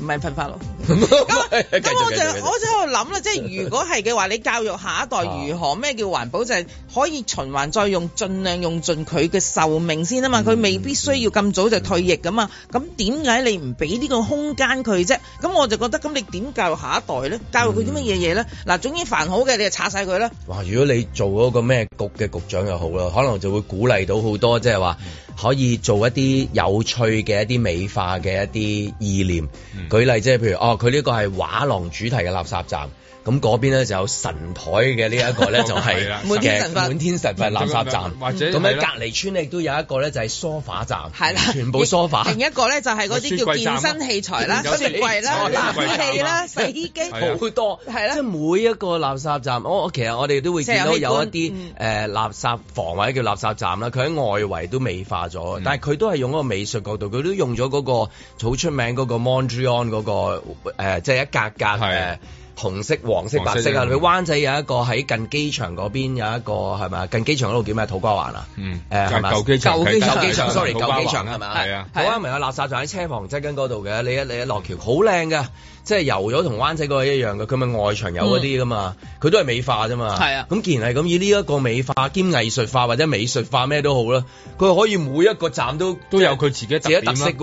唔係分分咯，咁 咁那 我就我就喺度諗啦，即係如果係嘅話，你教育下一代如何咩叫環保，就係，是，可以循環再用，盡量用盡佢嘅壽命先啊嘛，佢未必需要咁早就退役㗎嘛，咁點解你唔俾呢個空間佢啫？咁我就覺得，咁你點教育下一代咧？教育佢啲乜嘢嘢咧？嗱，總之煩好嘅，你就拆晒佢啦。哇！如果你做嗰個咩局嘅局長又好啦，可能就會鼓勵到好多，即係話。可以做一啲有趣嘅一啲美化嘅一啲意念，嗯、舉例即係譬如，哦，佢呢個係畫廊主題嘅垃圾站。咁嗰邊咧就有神台嘅呢一個咧，就係滿天神。滿天神垃圾站。咁喺隔離村亦都有一個咧，就係梳化站，係啦，全部梳化。另一個咧就係嗰啲叫健身器材啦、書櫃啦、冷氣啦、洗衣機，好多係啦。即係每一個垃圾站，我我其實我哋都會見到有一啲誒垃圾房或者叫垃圾站啦，佢喺外圍都美化咗，但係佢都係用嗰個美術角度，佢都用咗嗰個好出名嗰個 Mondrian 嗰個，即係一格格嘅。紅色、黃色、白色啊！佢灣仔有一個喺近機場嗰邊，有一個係咪啊？近機場嗰度叫咩土瓜灣啊？嗯，誒係咪？舊機場，舊機場，Sorry，舊機場係咪啊？係啊，嗰間咪有垃圾就喺車房側近嗰度嘅。你一你一落橋好靚㗎，即係油咗同灣仔嗰個一樣嘅。佢咪外牆有嗰啲噶嘛？佢都係美化啫嘛。係啊。咁既然係咁，以呢一個美化兼藝術化或者美術化咩都好啦，佢可以每一個站都都有佢自己自己特色嘅。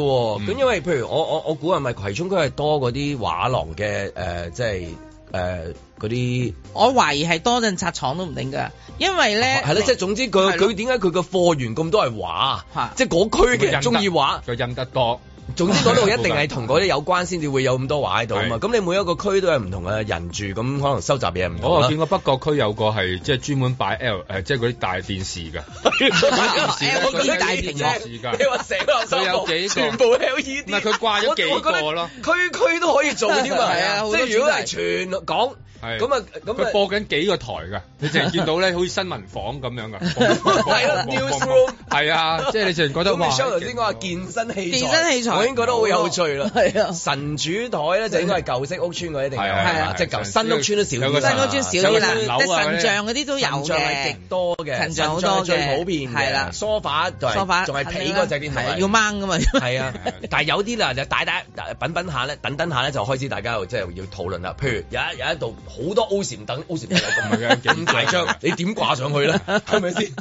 咁因為譬如我我我估係咪葵涌區係多嗰啲畫廊嘅誒，即係。誒，嗰啲、呃，我懷疑係多印刷廠都唔定噶，因為咧係啦，即係、啊啊啊啊、總之佢佢點解佢嘅貨源咁多係畫，啊、即係嗰區嘅人中意畫，就印得，得多。總之嗰度一定係同嗰啲有關先至會有咁多話喺度啊嘛，咁的你每一個區都有唔同嘅人住，咁可能收集嘢唔同。我見過北角區有個係即係專門擺 L，誒，即係嗰啲大電視噶大電視啊，LED 大屏幕電視噶。你話死啦，有幾個全部 LED。 唔係佢掛咗幾個咯，區區都可以做添啊，即係 如果係全港。係咁啊，咁佢播緊幾個台噶，你淨係見到咧，好似新聞房咁樣噶，係啦，newsroom 係啊，即係你淨係覺得哇，頭先講話健身器健身器材，我已經覺得好有趣啦，係啊，神主台咧就應該係舊式屋邨嗰啲定係係啊，即係舊新屋邨都少啲，新屋邨少啲啦，神像嗰啲都有嘅，極多嘅，神像最普遍嘅，係啦，梳化仲係仲係睇嗰隻電視，要掹咁嘛。係啊，但係有啲嗱就大大品品下咧，等等下咧就開始大家即係要討論啦，譬如有有一度。好多 O 舌唔等 O 舌唔有咁嘅咁大張，你點掛上去咧？係咪先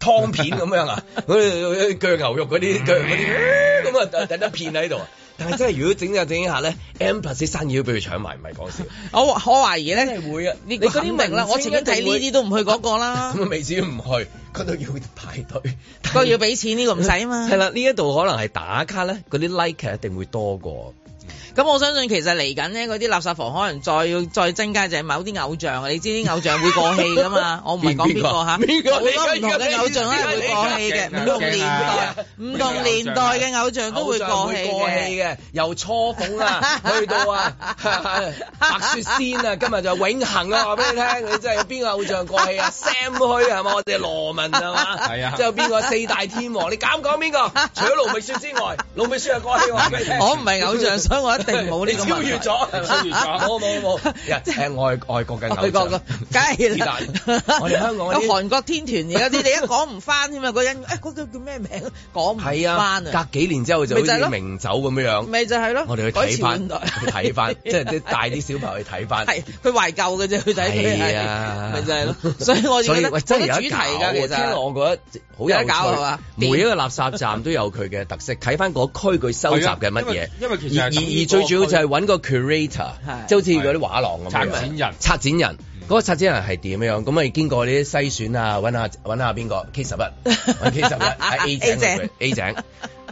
湯片咁樣啊？嗰啲鋸牛肉嗰啲鋸嗰啲，咁啊等一片喺度。啊。但係真係如果整下整下咧，M+ 生意都俾佢搶埋，唔係講笑。我我懷疑咧，真係會啊！你嗰啲明啦，我曾經睇呢啲都唔去嗰個啦。咁啊，未至於唔去，佢都要排隊，不過要俾錢呢個唔使啊嘛。係、嗯、啦，呢一度可能係打卡咧，嗰啲 like 一定會多過。咁我相信其實嚟緊呢，嗰啲垃圾房可能再要再增加就係某啲偶像啊！你知啲偶像會過氣㗎嘛？我唔係講邊個嚇，好多唔同嘅偶像都會過氣嘅，唔同年代、唔同年代嘅偶像都會過氣嘅，由初鳳啦去到啊白雪仙啊，今日就永恆啊話俾你聽，你真係有邊個偶像過氣啊？Sam 許係嘛？我哋羅文係嘛？係啊！即係邊個四大天王？你敢講邊個？除咗盧美雪之外，盧美雪係過氣喎。我唔係偶像，所以我一定。冇你超越咗，超越咗，冇冇冇，啊，即係外外國嘅偶像，梗係啦，我哋香港有咁韓國天團而家啲一講唔翻添啊！嗰人誒嗰個叫咩名？講唔翻啊！隔幾年之後就啲名酒咁樣樣，咪就係咯。我哋去睇翻，睇翻，即係即帶啲小朋友去睇翻。佢懷舊嘅啫，佢睇咩？係啊，咪就係咯。所以我覺得，所以真係有主題嘅，我覺得好有趣。而家搞係嘛？每一個垃圾站都有佢嘅特色，睇翻嗰區佢收集嘅乜嘢。因為其實最主要就係揾個 curator 就好似嗰啲畫廊咁樣，策展人，策展人，嗰個策展人係點樣？咁咪經過呢啲篩選啊，揾下揾下邊個 K11 揾 K11，A 井，A 井，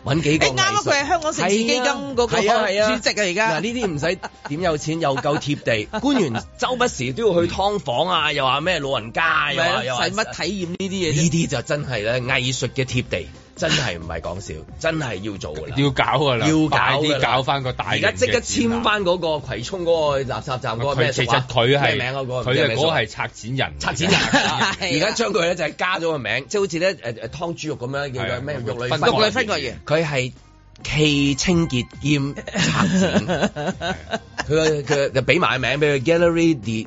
揾幾個藝術，啱佢係香港城市基金嗰個主席啊，而家嗱呢啲唔使點有錢又夠貼地，官員周不時都要去劏房啊，又話咩老人家啊，使乜體驗呢啲嘢？呢啲就真係咧藝術嘅貼地。真係唔係講笑，真係要做㗎，要搞㗎啦，要搞啲搞翻個大。而家即刻簽翻嗰個葵涌嗰個垃圾站嗰個咩？其實佢係咩名？嗰佢嗰係拆遷人。拆遷人，而家將佢咧就係加咗個名，即係好似咧誒誒劏豬肉咁樣叫咩？肉類分類分佢嘢，佢係器清潔兼拆遷。佢嘅佢俾埋個名俾佢 Gary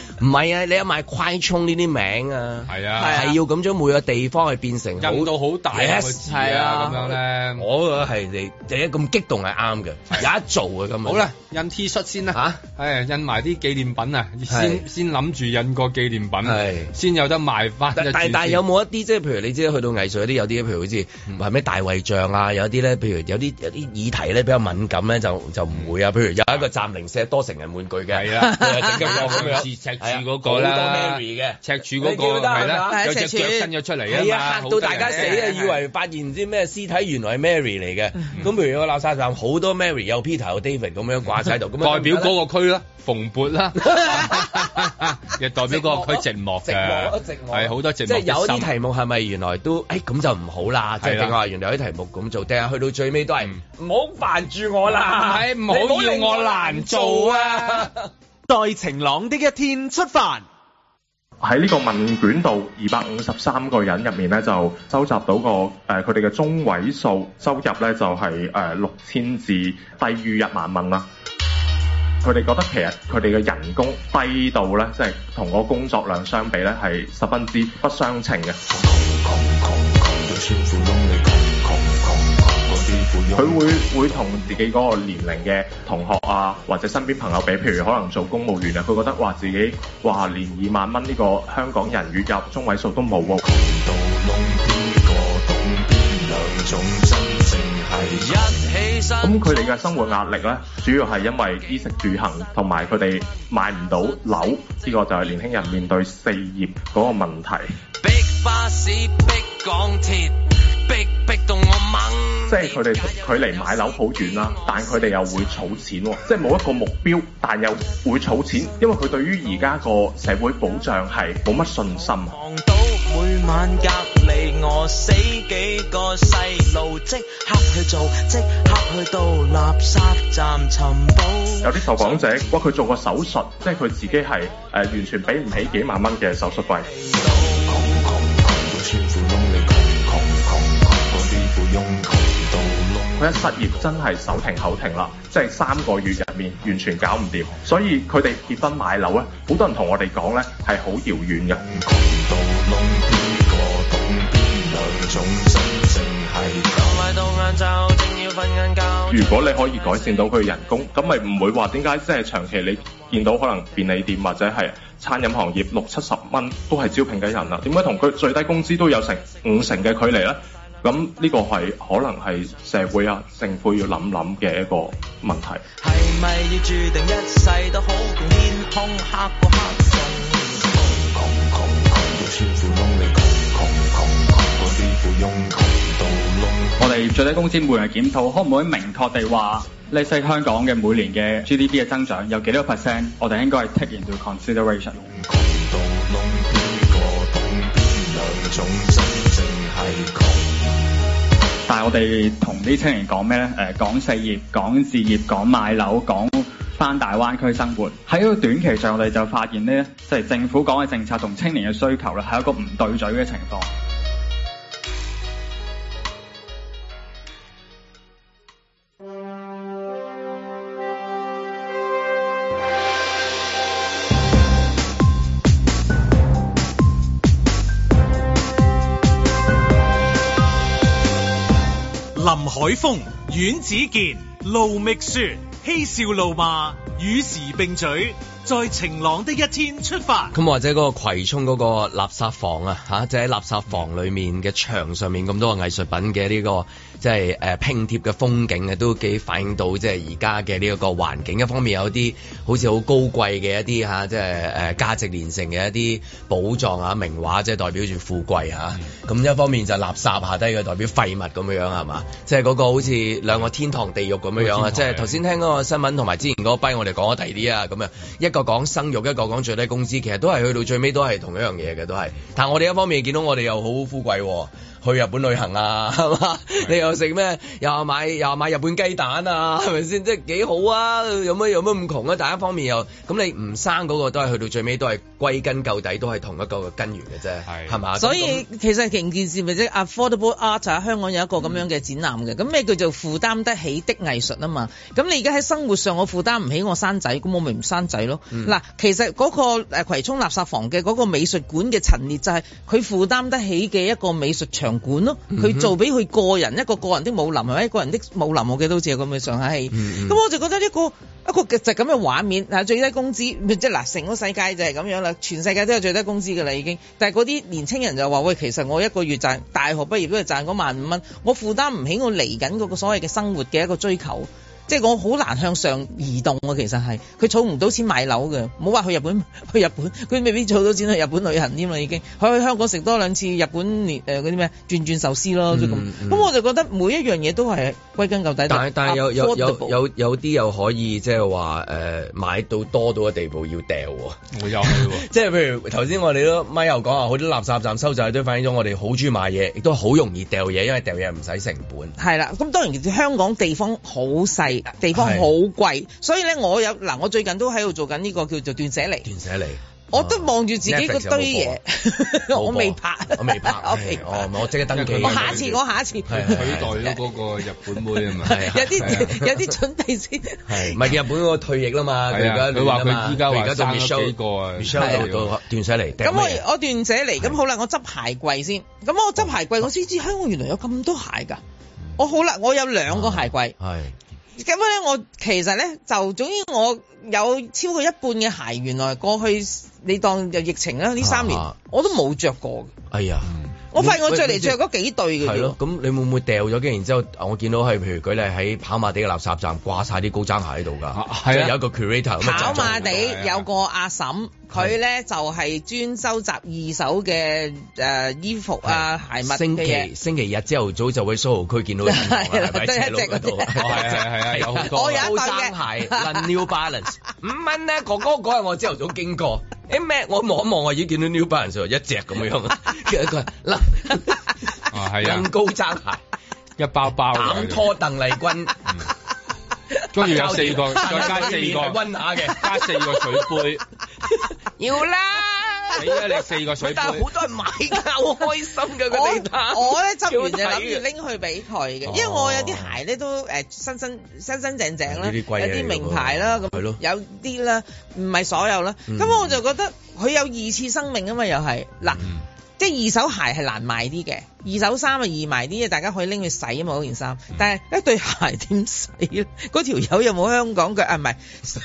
唔係啊！你有買快充呢啲名啊？係啊，係要咁將每個地方係變成印到好大，yes 係啊咁樣咧。我覺得係你第一咁激動係啱嘅，有得做啊。今日。好啦，印 T-shirt 先啦嚇，係印埋啲紀念品啊，先先諗住印個紀念品，先有得賣翻。但但有冇一啲即係譬如你知去到藝術嗰啲有啲譬如好似買咩大胃醬啊，有啲咧譬如有啲有啲議題咧比較敏感咧就就唔會啊。譬如有一個暫零舍多成人玩具嘅係啊，整咁樣。住啦，好多 Mary 嘅，赤柱嗰個，有隻腳伸咗出嚟啊，嚇到大家死啊，以為發現唔知咩屍體，原來係 Mary 嚟嘅。咁譬如個垃圾站好多 Mary，有 Peter，有 David 咁樣掛曬喺度，代表嗰個區啦，蓬勃啦，亦代表嗰個區寂寞嘅，寂寞寂寞。係好多寂寞。即係有啲題目係咪原來都？哎咁就唔好啦，即係話原來有啲題目咁做，定係去到最尾都係唔好煩住我啦，唔好要我難做啊。在晴朗的一天出發。喺呢個問卷度，二百五十三個人入面咧，就收集到個誒佢哋嘅中位數收入咧，就係、是、誒、呃、六千至低於一萬蚊啦。佢哋覺得其實佢哋嘅人工低到咧，即係同個工作量相比咧，係十分之不相稱嘅。.佢會會同自己嗰個年齡嘅同學啊，或者身邊朋友比，譬如可能做公務員啊，佢覺得話自己話連二萬蚊呢個香港人月入中位數都冇。咁佢哋嘅生活壓力咧，主要係因為衣食住行，同埋佢哋買唔到樓，呢個就係年輕人面對四業嗰個問題。逼巴士，逼港鐵。即係佢哋距離買樓好遠啦，但佢哋又會儲錢喎，即係冇一個目標，但又會儲錢，因為佢對於而家個社會保障係冇乜信心。到到每晚隔離我死幾個細路，即即刻刻去去做，去到垃圾站尋寶。有啲受訪者話佢做過手術，即係佢自己係誒、呃、完全俾唔起幾萬蚊嘅手術費。佢一失業真係手停口停啦，即係三個月入面完全搞唔掂，所以佢哋結婚買樓咧，好多人同我哋講咧係好遙遠。如果你可以改善到佢人工，咁咪唔會話點解即係長期你見到可能便利店或者係餐飲行業六七十蚊都係招聘嘅人啦，點解同佢最低工資都有成五成嘅距離咧？咁呢個係可能係社會啊，政府要諗諗嘅一個問題。我哋最低工資每年檢討，可唔可以明確地話呢？你西香港嘅每年嘅 GDP 嘅增長有幾多 percent？我哋應該係 take into consideration。到窿懂但係我哋同啲青年講咩咧？誒、呃，講事業、講置業、講買樓、講翻大灣區生活。喺呢個短期上，我哋就發現咧，即係政府講嘅政策同青年嘅需求咧，係一個唔對嘴嘅情況。海峰、阮子健、盧覓雪、嬉笑怒罵、與時並舉、在晴朗的一天出發。咁或者嗰個葵涌嗰個垃圾房啊，吓即係喺垃圾房裏面嘅牆上面咁多個藝術品嘅呢、這個。即係誒拼貼嘅風景嘅，都幾反映到即係而家嘅呢一個環境。一方面有啲好似好高貴嘅一啲嚇，即係誒價值連城嘅一啲寶藏啊、名畫，即係代表住富貴嚇。咁、啊嗯、一方面就垃圾下低嘅代表廢物咁樣樣係嘛？即係嗰個好似兩個天堂地獄咁樣樣啊！即係頭先聽嗰個新聞同埋之前嗰個碑，我哋講咗第二啲啊咁啊，一個講生育，一個講最低工資，其實都係去到最尾都係同一樣嘢嘅都係。但係我哋一方面見到我哋又好富貴。去日本旅行啊，係嘛？你又食咩？又買又買日本雞蛋啊，係咪先？即係幾好啊？有乜有乜咁窮啊？但一方面又咁，你唔生嗰個都係去到最尾都係歸根究底都係同一個根源嘅啫，係係嘛？吧所以，樣所以其實勁件事咪即 affordable art 啊！香港有一個咁樣嘅展覽嘅，咁咩、嗯、叫做負擔得起的藝術啊嘛？咁你而家喺生活上我負擔唔起我生仔，咁我咪唔生仔咯？嗱、嗯，其實嗰個葵涌垃圾房嘅嗰個美術館嘅陳列就係佢負擔得起嘅一個美術場。管咯，佢、嗯、做俾佢個人一個個人的武林，係咪個人的武林？我記得似係咁嘅上下戲，咁、嗯嗯、我就覺得一個一個就咁嘅畫面，嗱，最低工資即係嗱，成個世界就係咁樣啦，全世界都有最低工資噶啦已經，但係嗰啲年青人就話喂，其實我一個月賺，大學畢業都係賺嗰萬五蚊，我負擔唔起我嚟緊嗰個所謂嘅生活嘅一個追求。即係我好難向上移動啊！其實係佢儲唔到錢買樓嘅，冇話去日本，去日本，佢未必儲到錢去日本旅行添啦。已經佢去香港食多兩次日本誒嗰啲咩轉轉壽司咯，咁咁、嗯嗯、我就覺得每一樣嘢都係歸根究底。但係但係有有有有啲又可以即係話誒買到多到嘅地步要掉喎、哦，又係，即係譬如頭先我哋都咪又講啊，好多垃圾站收集都反映咗我哋好中意買嘢，亦都好容易掉嘢，因為掉嘢唔使成本。係啦，咁當然香港地方好細。地方好貴，所以咧，我有嗱，我最近都喺度做緊呢個叫做斷捨離。斷捨離，我都望住自己嗰堆嘢，我未拍，我未拍，我即刻登記。我下一次，我下一次。取代咗嗰個日本妹啊嘛，有啲有啲準備先。唔係日本嗰退役啦嘛，佢而家佢話佢依家而家做 show 個，show 到到斷捨離。咁我我斷捨離，咁好啦，我執鞋櫃先。咁我執鞋櫃，我先知，香港原來有咁多鞋㗎。我好啦，我有兩個鞋櫃。係。咁樣咧，我其實咧就總之我有超過一半嘅鞋，原來過去你當就疫情啦呢三年，啊、我都冇着過。哎呀！我發現我着嚟着嗰幾對嘅。係咯，咁你會唔會掉咗嘅？然之後我見到係譬如舉例喺跑馬地嘅垃圾站掛晒啲高踭鞋喺度㗎，即啊，啊即有一個 curator 跑馬地有，地有個阿嬸。佢咧就係專收集二手嘅，誒衣服啊、鞋襪，星期星期日朝頭早就去蘇豪區見到，係啦，就一隻嗰度，係啊係啊，有好多高踭鞋，New Balance 五蚊咧。哥哥嗰日我朝頭早經過，誒咩？我望一望我已經見到 New Balance，就一隻咁樣嘅，跟住佢拉增高踭鞋，一包包攬拖鄧麗君，跟住有四個，再加四個溫雅嘅，加四個水杯。 要啦，四 但係好多人買夠 開心嘅，佢我咧之前就諗住拎去俾佢嘅，因為我有啲鞋咧都誒新新新新淨淨啦，啊、有啲名牌啦，咁，有啲啦，唔係所有啦，咁、嗯、我就覺得佢有二次生命啊嘛，又係嗱。即係二手鞋係難賣啲嘅，二手衫啊易賣啲啊，大家可以拎去洗啊嘛，嗰件衫。但係一對鞋點洗咧？嗰條友有冇香港腳啊？唔係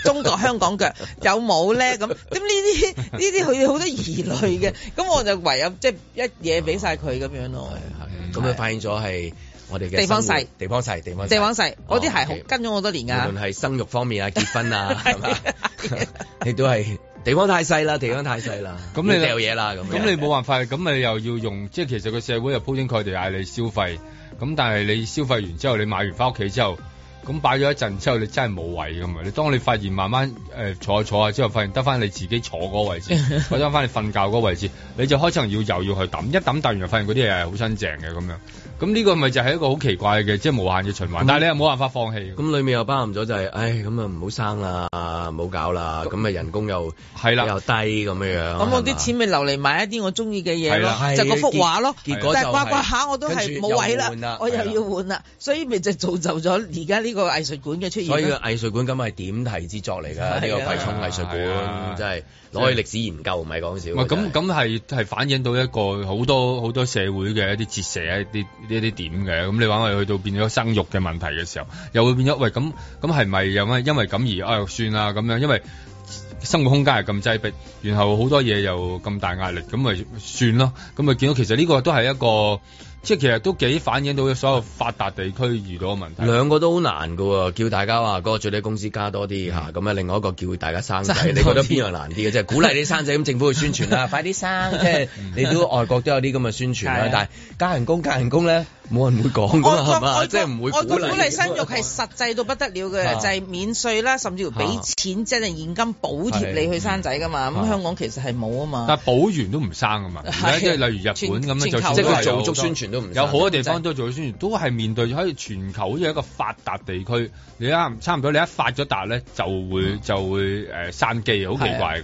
中國香港腳， 有冇咧？咁咁呢啲呢啲佢好多疑慮嘅。咁我就唯有即係、就是、一嘢俾晒佢咁樣咯。係係、哦，咁佢發現咗係我哋嘅地方細，地方細，地方細，地方細。我啲鞋跟咗好多年㗎、啊。無論係生育方面啊、結婚啊，係你都係。地方太細啦，地方太細啦，咁你掉嘢啦，咁樣咁你冇辦法，咁你又要用，即係其實個社會又鋪天蓋地嗌你消費，咁但係你消費完之後，你買完翻屋企之後，咁擺咗一陣之後，你真係冇位咁嘛，你當你發現慢慢誒坐下坐下之後，發現得翻你自己坐嗰個位置，或者翻你瞓覺嗰個位置，你就開始要又要去抌，一抌抌完又發現嗰啲嘢係好新淨嘅咁樣。咁呢個咪就係一個好奇怪嘅，即係無限嘅循環。但係你又冇辦法放棄。咁裏面又包含咗就係，唉，咁啊唔好生啦，唔好搞啦。咁啊人工又係啦，又低咁樣樣。咁我啲錢咪留嚟買一啲我中意嘅嘢咯，就個幅畫咯。結果就掛掛下我都係冇位啦，我又要換啦。所以咪就造就咗而家呢個藝術館嘅出現。所以個藝術館咁係點題之作嚟噶，呢個葵涌藝術館真係。攞去歷史研究唔係講笑，唔係咁咁係係反映到一個好多好多社會嘅一啲折射一啲一啲點嘅，咁你話我哋去到變咗生育嘅問題嘅時候，又會變咗喂，咁咁係咪有咩因為咁而啊算啦咁樣？因為生活空間係咁擠迫，然後好多嘢又咁大壓力，咁咪算咯？咁咪見到其實呢個都係一個。即係其實都幾反映到所有發達地區遇到嘅問題。兩個都好難㗎喎，叫大家話、嗰個最低工資加多啲嚇，咁啊、嗯、另外一個叫大家生仔，生仔，你覺得邊樣難啲嘅？即係 鼓勵啲生仔咁，政府去宣傳啦， 快啲生，即係你都外國都有啲咁嘅宣傳啦， 但係加人工加人工咧。冇人會講嘅，即係唔會。外國鼓勵生育係實際到不得了嘅，就係免稅啦，甚至乎俾錢即係現金補貼你去生仔㗎嘛。咁香港其實係冇啊嘛。但係補完都唔生㗎嘛，即係例如日本咁咧，即係做足宣傳都唔，有好多地方都做咗宣傳，都係面對喺全球好似一個發達地區，你啱差唔多你一發咗達咧就會就會誒生機，好奇怪嘅。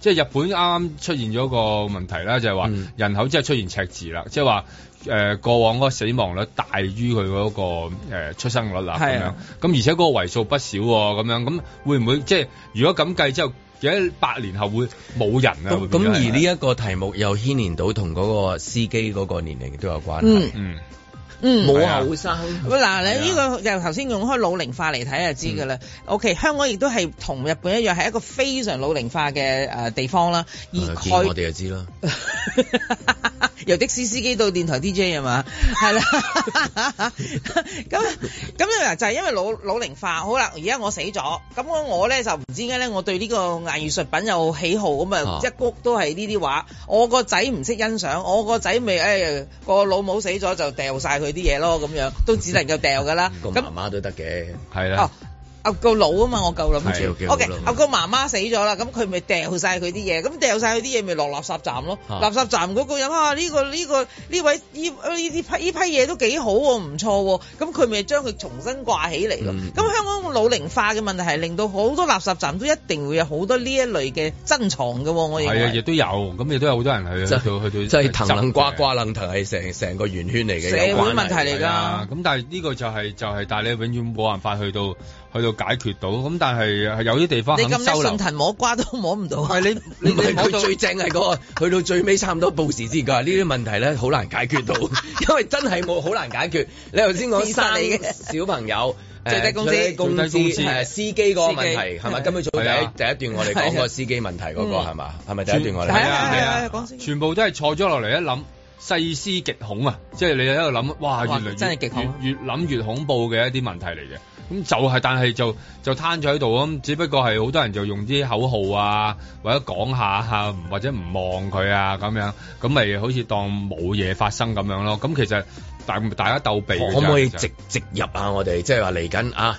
即係日本啱啱出現咗個問題啦，就係話人口即係出現赤字啦，即係話。誒、呃、過往嗰死亡率大於佢嗰個出生率啦，咁的樣咁，而且嗰個為數不少喎，咁樣咁會唔會即係如果咁計之後，一百年後會冇人啊？咁、嗯、而呢一個題目又牽連到同嗰個司機嗰個年齡都有關係。嗯嗯嗯，冇、嗯的嗯、後生。嗱的你呢個由頭先用開老齡化嚟睇就知㗎啦。的嗯、OK，香港亦都係同日本一樣係一個非常老齡化嘅誒地方啦。而的見我哋就知啦。 由的士司機到電台 DJ 啊嘛，係啦， 咁咁咧就係因為老老齡化，好啦，而家我死咗，咁我咧就唔知點解咧，我對呢個藝術品有喜好咁啊，一谷都係呢啲畫，我個仔唔識欣賞，我個仔咪誒個老母死咗就掉晒佢啲嘢咯，咁樣都只能夠掉㗎啦，咁 媽媽那都得嘅，係啦的。哦阿個老啊嘛，我夠諗住。OK，阿個媽媽死咗啦，咁佢咪掉晒佢啲嘢，咁掉晒佢啲嘢咪落垃圾站咯。垃圾站嗰個人啊，呢個呢個呢位呢呢批呢批嘢都幾好喎，唔錯喎。咁佢咪將佢重新掛起嚟咯。咁香港老齡化嘅問題係令到好多垃圾站都一定會有好多呢一類嘅珍藏嘅。我認為係啊，亦都有，咁亦都有好多人去去去去騰楞掛，掛楞騰，係成成個圓圈嚟嘅。社會問題嚟㗎。咁但係呢個就係就係，但係你永遠冇辦法去到。去到解決到，咁但係有啲地方肯收留。你今日順藤摸瓜都摸唔到。係你你你摸到最正係嗰個，去到最尾差唔多報時之㗎。呢啲問題咧好難解決到，因為真係冇好難解決。你頭先講三嘅小朋友，最低工資最低工資誒司機嗰個問題係咪根本早第一段我哋講個司機問題嗰個係嘛？係咪第一段我哋？係啊係啊，全部都係坐咗落嚟一諗細思極恐啊！即係你喺度諗哇，越嚟越越諗越恐怖嘅一啲問題嚟嘅。咁就係、是，但係就就攤咗喺度咁，只不過係好多人就用啲口號啊，或者講下吓、啊，或者唔望佢啊咁樣。咁咪好似當冇嘢發生咁樣咯。咁其實大大家鬥避，可唔可以直直入啊？我哋，即係話嚟緊啊？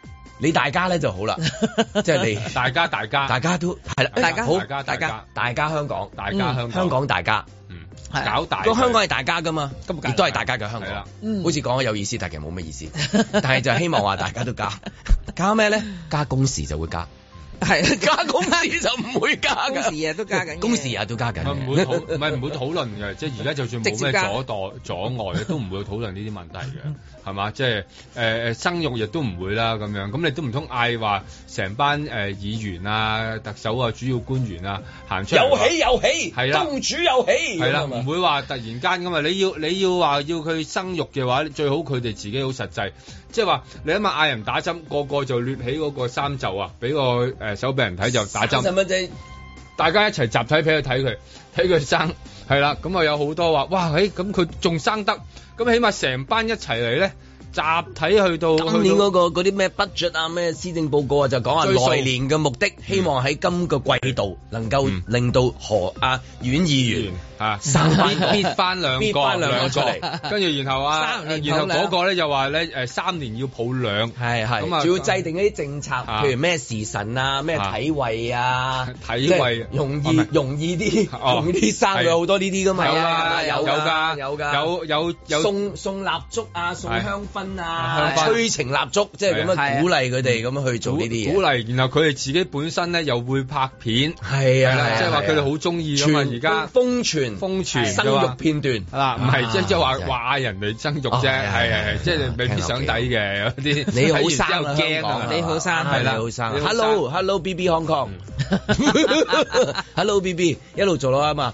你大家咧就好啦，即係你大家，大家大家都係啦，大家好，大家大家香港，大家香港，大家，嗯，搞大，個香港係大家噶嘛，亦都係大家嘅香港。嗯，好似講嘅有意思，但係其實冇咩意思。但係就希望話大家都加，加咩咧？加工時就會加，係加工時就唔會加。工時啊都加緊，工時啊都加緊。唔會討，唔係唔會討論嘅，即係而家就算冇咩阻代阻礙都唔會討論呢啲問題嘅。係嘛，即係誒誒生育亦都唔會啦咁樣，咁你都唔通嗌話成班誒、呃、議員啊、特首啊、主要官員啊行出有喜有喜，係啦的，公主有喜，係啦，唔會話突然間咁嘛！你要你要話要佢生育嘅話，最好佢哋自己好實際，即係話你起碼嗌人打針，個個就掠起嗰個衫袖啊，俾個誒、呃、手俾人睇就打針，大家一齊集體俾佢睇佢睇佢生？係啦，咁啊有好多話哇欸！咁佢仲生得，咁起碼成班一齊嚟咧。集體去到今年嗰個嗰啲咩 budget 啊咩施政報告啊，就講話來年嘅目的，希望喺今個季度能夠令到何啊院議員啊，跌跌翻兩個兩個嚟，跟住然後啊，然後嗰個咧就話咧誒，三年要抱兩，係係，仲要制定一啲政策，譬如咩時辰啊，咩體位啊，體位容易容易啲，容易啲生咗好多呢啲噶嘛，有有有有有送送蠟燭啊，送香薰。啊！催情蠟燭，即係咁樣鼓勵佢哋咁樣去做呢啲鼓勵。然後佢哋自己本身咧又會拍片，係啊，即係話佢哋好中意啊嘛。而家瘋傳瘋傳生育片段啊，唔係即係即係話話人哋生育啫，係係係，即係未必想睇嘅嗰啲。你好生啊，你好生，你好生。Hello Hello B B Hong Kong，Hello B B，一路做落啊嘛。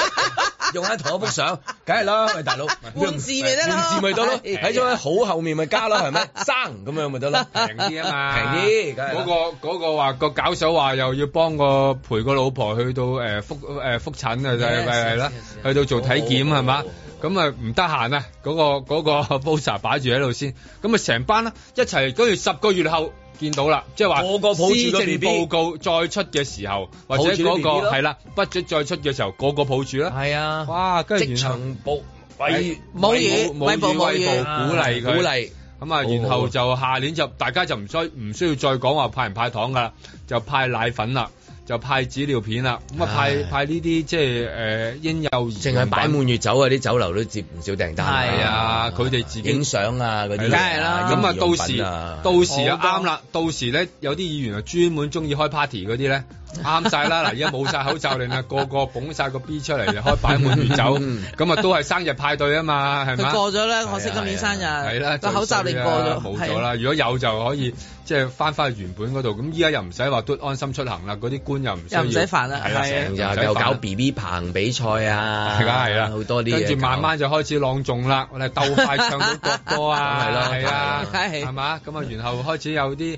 用喺同一幅相，梗係啦，喂，大佬換字咪得咯，睇咗喺好後面咪加咯，係咪生咁樣咪得咯，平啲啊嘛，平啲梗係。嗰個話個搞手話又要幫個陪個老婆去到誒復誒復診啊，就係係啦，去到做體檢係嘛，咁啊唔得閒啊，嗰個嗰個 boss 擺住喺度先，咁啊成班啦一齊，跟住十個月後。見到啦，即係話我個保主嗰報告再出嘅時候，或者嗰個係啦不 u 再出嘅時候，個個保主咧，係啊，哇，職場保威，冇語，冇語，冇語，鼓勵佢，咁啊，然後就下年就大家就唔需唔需要再講話派唔派糖噶，就派奶粉啦。就派紙尿片啦，咁啊派唉派呢啲即係誒嬰幼兒，淨係擺滿月酒啊！啲酒樓都接唔少訂單。係、哎、呀啊，佢哋自己影相啊，嗰啲梗係啦。咁啊，到時到時又啱啦。啊、到時咧、哦了，有啲議員啊，專門中意開 party 嗰啲咧。啱晒啦！嗱，依家冇晒口罩令啊，個個捧晒個 B 出嚟，開擺滿月酒，咁啊都係生日派對啊嘛，係嘛？佢過咗咧，我惜今年生日，個口罩令過咗冇咗啦。如果有就可以即係翻返去原本嗰度。咁依家又唔使話都安心出行啦，嗰啲官又唔又唔使煩啦，成日又搞 B B 棚比賽啊，係啦係啦，好多啲嘢。跟住慢慢就開始朗誦啦，我哋鬥快唱到國歌啊，係咯係啊，係嘛？咁啊，然後開始有啲。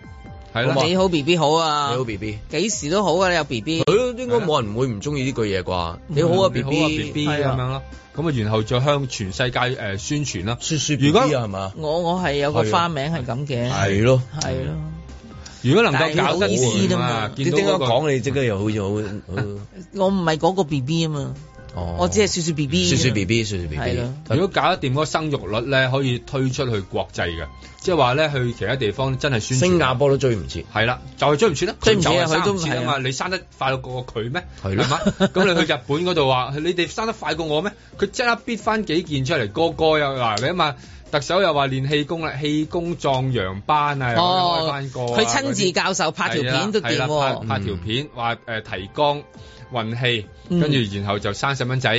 係嘛？你好 B B 好啊，你好 B B，幾時都好啊，你有 B B。佢應該冇人會唔中意呢句嘢啩？你好啊 B B，B B 咁樣咯。咁啊，然後再向全世界誒宣傳啦。如果係嘛？我我係有個花名係咁嘅。係咯，係咯。如果能夠搞得我啊，你點解講你即刻又好似好。我唔係嗰個 B B 啊嘛。我只係説説 B B，説説 B B，説説 B B。如果搞得掂嗰個生育率咧，可以推出去國際嘅，即係話咧去其他地方真係宣。新加坡都追唔切。係啦，就係追唔切啦。追唔切啊！啊嘛，你生得快過佢咩？係啦。咁你去日本嗰度話，你哋生得快過我咩？佢即刻迫翻幾件出嚟，個個又嗱，你啊嘛。特首又話練氣功啦，氣功壯陽班啊，開翻個。佢親自教授，拍條片都掂。係啦，拍條片話誒提肛。運氣跟住然後就生細蚊仔，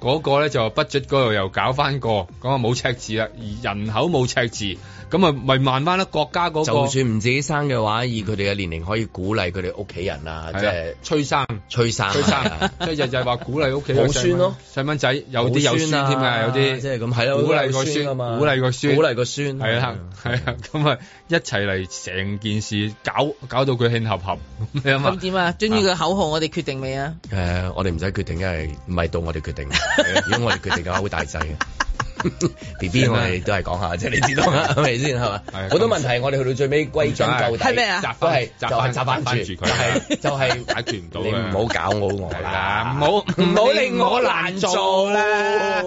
嗰、嗯、個咧就不卒嗰度又搞翻，那個講話，冇赤字啦，而人口冇赤字。咁啊，咪慢慢啦，國家嗰個就算唔自己生嘅話，以佢哋嘅年齡，可以鼓勵佢哋屋企人啊，即係催生、催生、催生，即係就係話鼓勵屋企。好孫咯，細蚊仔有啲有孫添啊，有啲即係咁，係啊，鼓勵個孫啊嘛，鼓勵個孫，鼓勵個孫，係啊，係啊，咁啊，一齊嚟成件事搞搞到佢慶合合咁啊點啊？終於佢口號我哋決定未啊？誒，我哋唔使決定，因為唔係到我哋決定。如果我哋決定嘅話，會大劑嘅。B B，我哋都係講下，即係你知道啦，係咪先係嘛？好多問題，我哋去到最尾歸根究底係咩啊？都係就係雜犯住佢，就係解決唔到。你唔好搞我我啦，唔好唔好令我難做啦。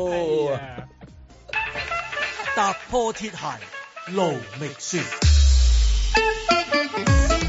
踏破鐵鞋無覓處。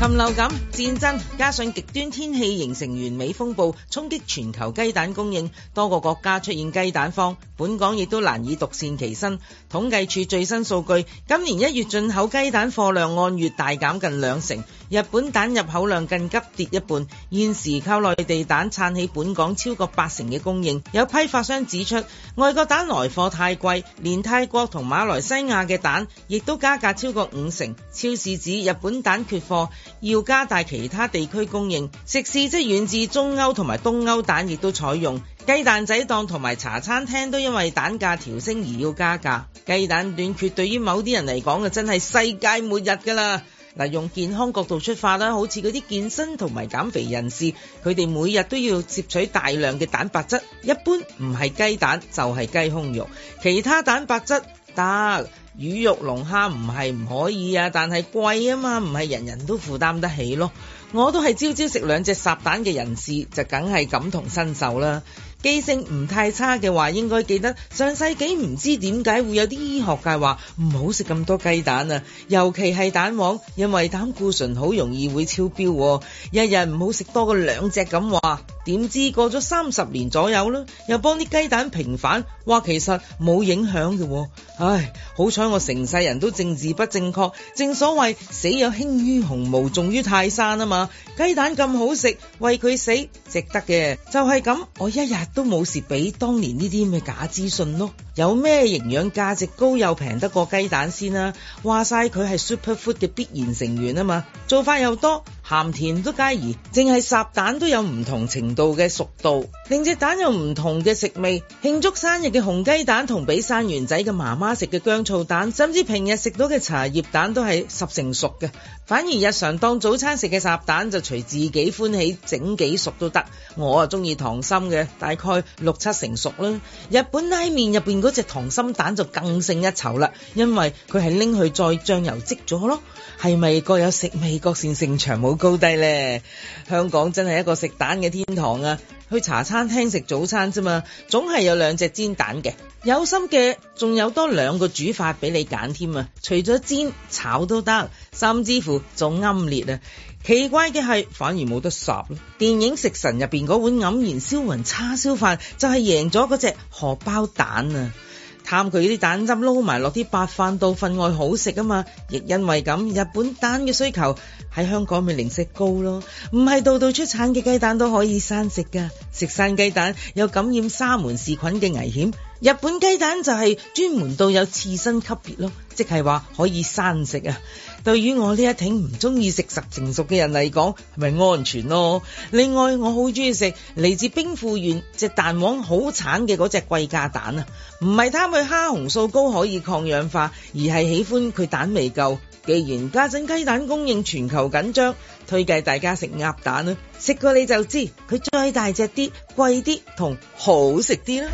禽流感、戰爭，加上極端天氣形成完美風暴，衝擊全球雞蛋供應。多個國家出現雞蛋荒。本港亦都難以獨善其身。統計處最新數據，今年一月進口雞蛋貨量按月大減近兩成。日本蛋入口量更急跌一半，現時靠內地蛋撐起本港超過八成嘅供應。有批發商指出，外國蛋來貨太貴，連泰國同馬來西亞嘅蛋亦都加價超過五成。超市指日本蛋缺貨，要加大其他地區供應。食肆即遠至中歐同埋東歐蛋，亦都採用。雞蛋仔檔同埋茶餐廳都因為蛋價調升而要加價。雞蛋短缺對於某啲人嚟講，就真係世界末日噶啦！嗱，用健康角度出發啦，好似嗰啲健身同埋減肥人士，佢哋每日都要攝取大量嘅蛋白質，一般唔係雞蛋就係雞胸肉，其他蛋白質得魚肉龍蝦唔係唔可以啊，但係貴啊嘛，唔係人人都負擔得起咯。我都係朝朝食兩隻烚蛋嘅人士，就梗係感同身受啦。記性唔太差嘅話，應該記得上世紀唔知點解會有啲醫學界話唔好食咁多雞蛋啊，尤其係蛋黃，因為膽固醇好容易會超標，日日唔好食多過兩隻咁話。點知過咗三十年左右啦，又幫啲雞蛋平反，哇，其實冇影響嘅。唉，好彩我成世人都政治不正確，正所謂死有輕於鴻毛，重於泰山啊嘛。雞蛋咁好食，為佢死值得嘅，就係咁，我一日。都冇事俾當年呢啲咩假資訊咯，有咩營養價值高又平得過雞蛋先啦，啊？話曬佢係 super food 嘅必然成員啊嘛，做法又多。鹹甜都皆宜，淨係烚蛋都有唔同程度嘅熟度，令隻蛋有唔同嘅食味。慶祝生日嘅紅雞蛋同俾生完仔嘅媽媽食嘅薑醋蛋，甚至平日食到嘅茶葉蛋都係十成熟嘅。反而日常當早餐食嘅烚蛋就隨自己歡喜整幾熟都得。我啊中意溏心嘅，大概六七成熟啦。日本拉麵入邊嗰隻溏心蛋就更勝一籌啦，因為佢係拎去再醬油漬咗咯。係咪各有食味，各擅勝場冇？高低咧，香港真係一個食蛋嘅天堂啊！去茶餐廳食早餐啫嘛，總係有兩隻煎蛋嘅。有心嘅仲有多兩個煮法俾你揀添啊！除咗煎、炒都得，甚至乎仲有奄列啊！奇怪嘅係，反而冇得烚咯。電影《食神》入邊嗰碗黯然銷魂叉燒飯就係、是、贏咗嗰隻荷包蛋啊！探佢啲蛋汁，撈埋落啲白飯度，份外好食啊嘛！亦因為咁，日本蛋嘅需求喺香港咪零食高咯，唔係度度出產嘅雞蛋都可以生食噶，食生雞蛋有感染沙門氏菌嘅危險。日本雞蛋就係專門到有刺身級別咯，即係話可以生食啊。對於我呢一挺唔中意食十成熟嘅人嚟講，係咪安全咯，啊？另外，我好中意食嚟自冰庫園隻蛋黃好橙嘅嗰隻貴價蛋啊！唔係貪佢蝦紅素高可以抗氧化，而係喜歡佢蛋味夠。既然家陣雞蛋供應全球緊張，推介大家食鴨蛋啊。食過你就知，佢再大隻啲、貴啲同好食啲啦。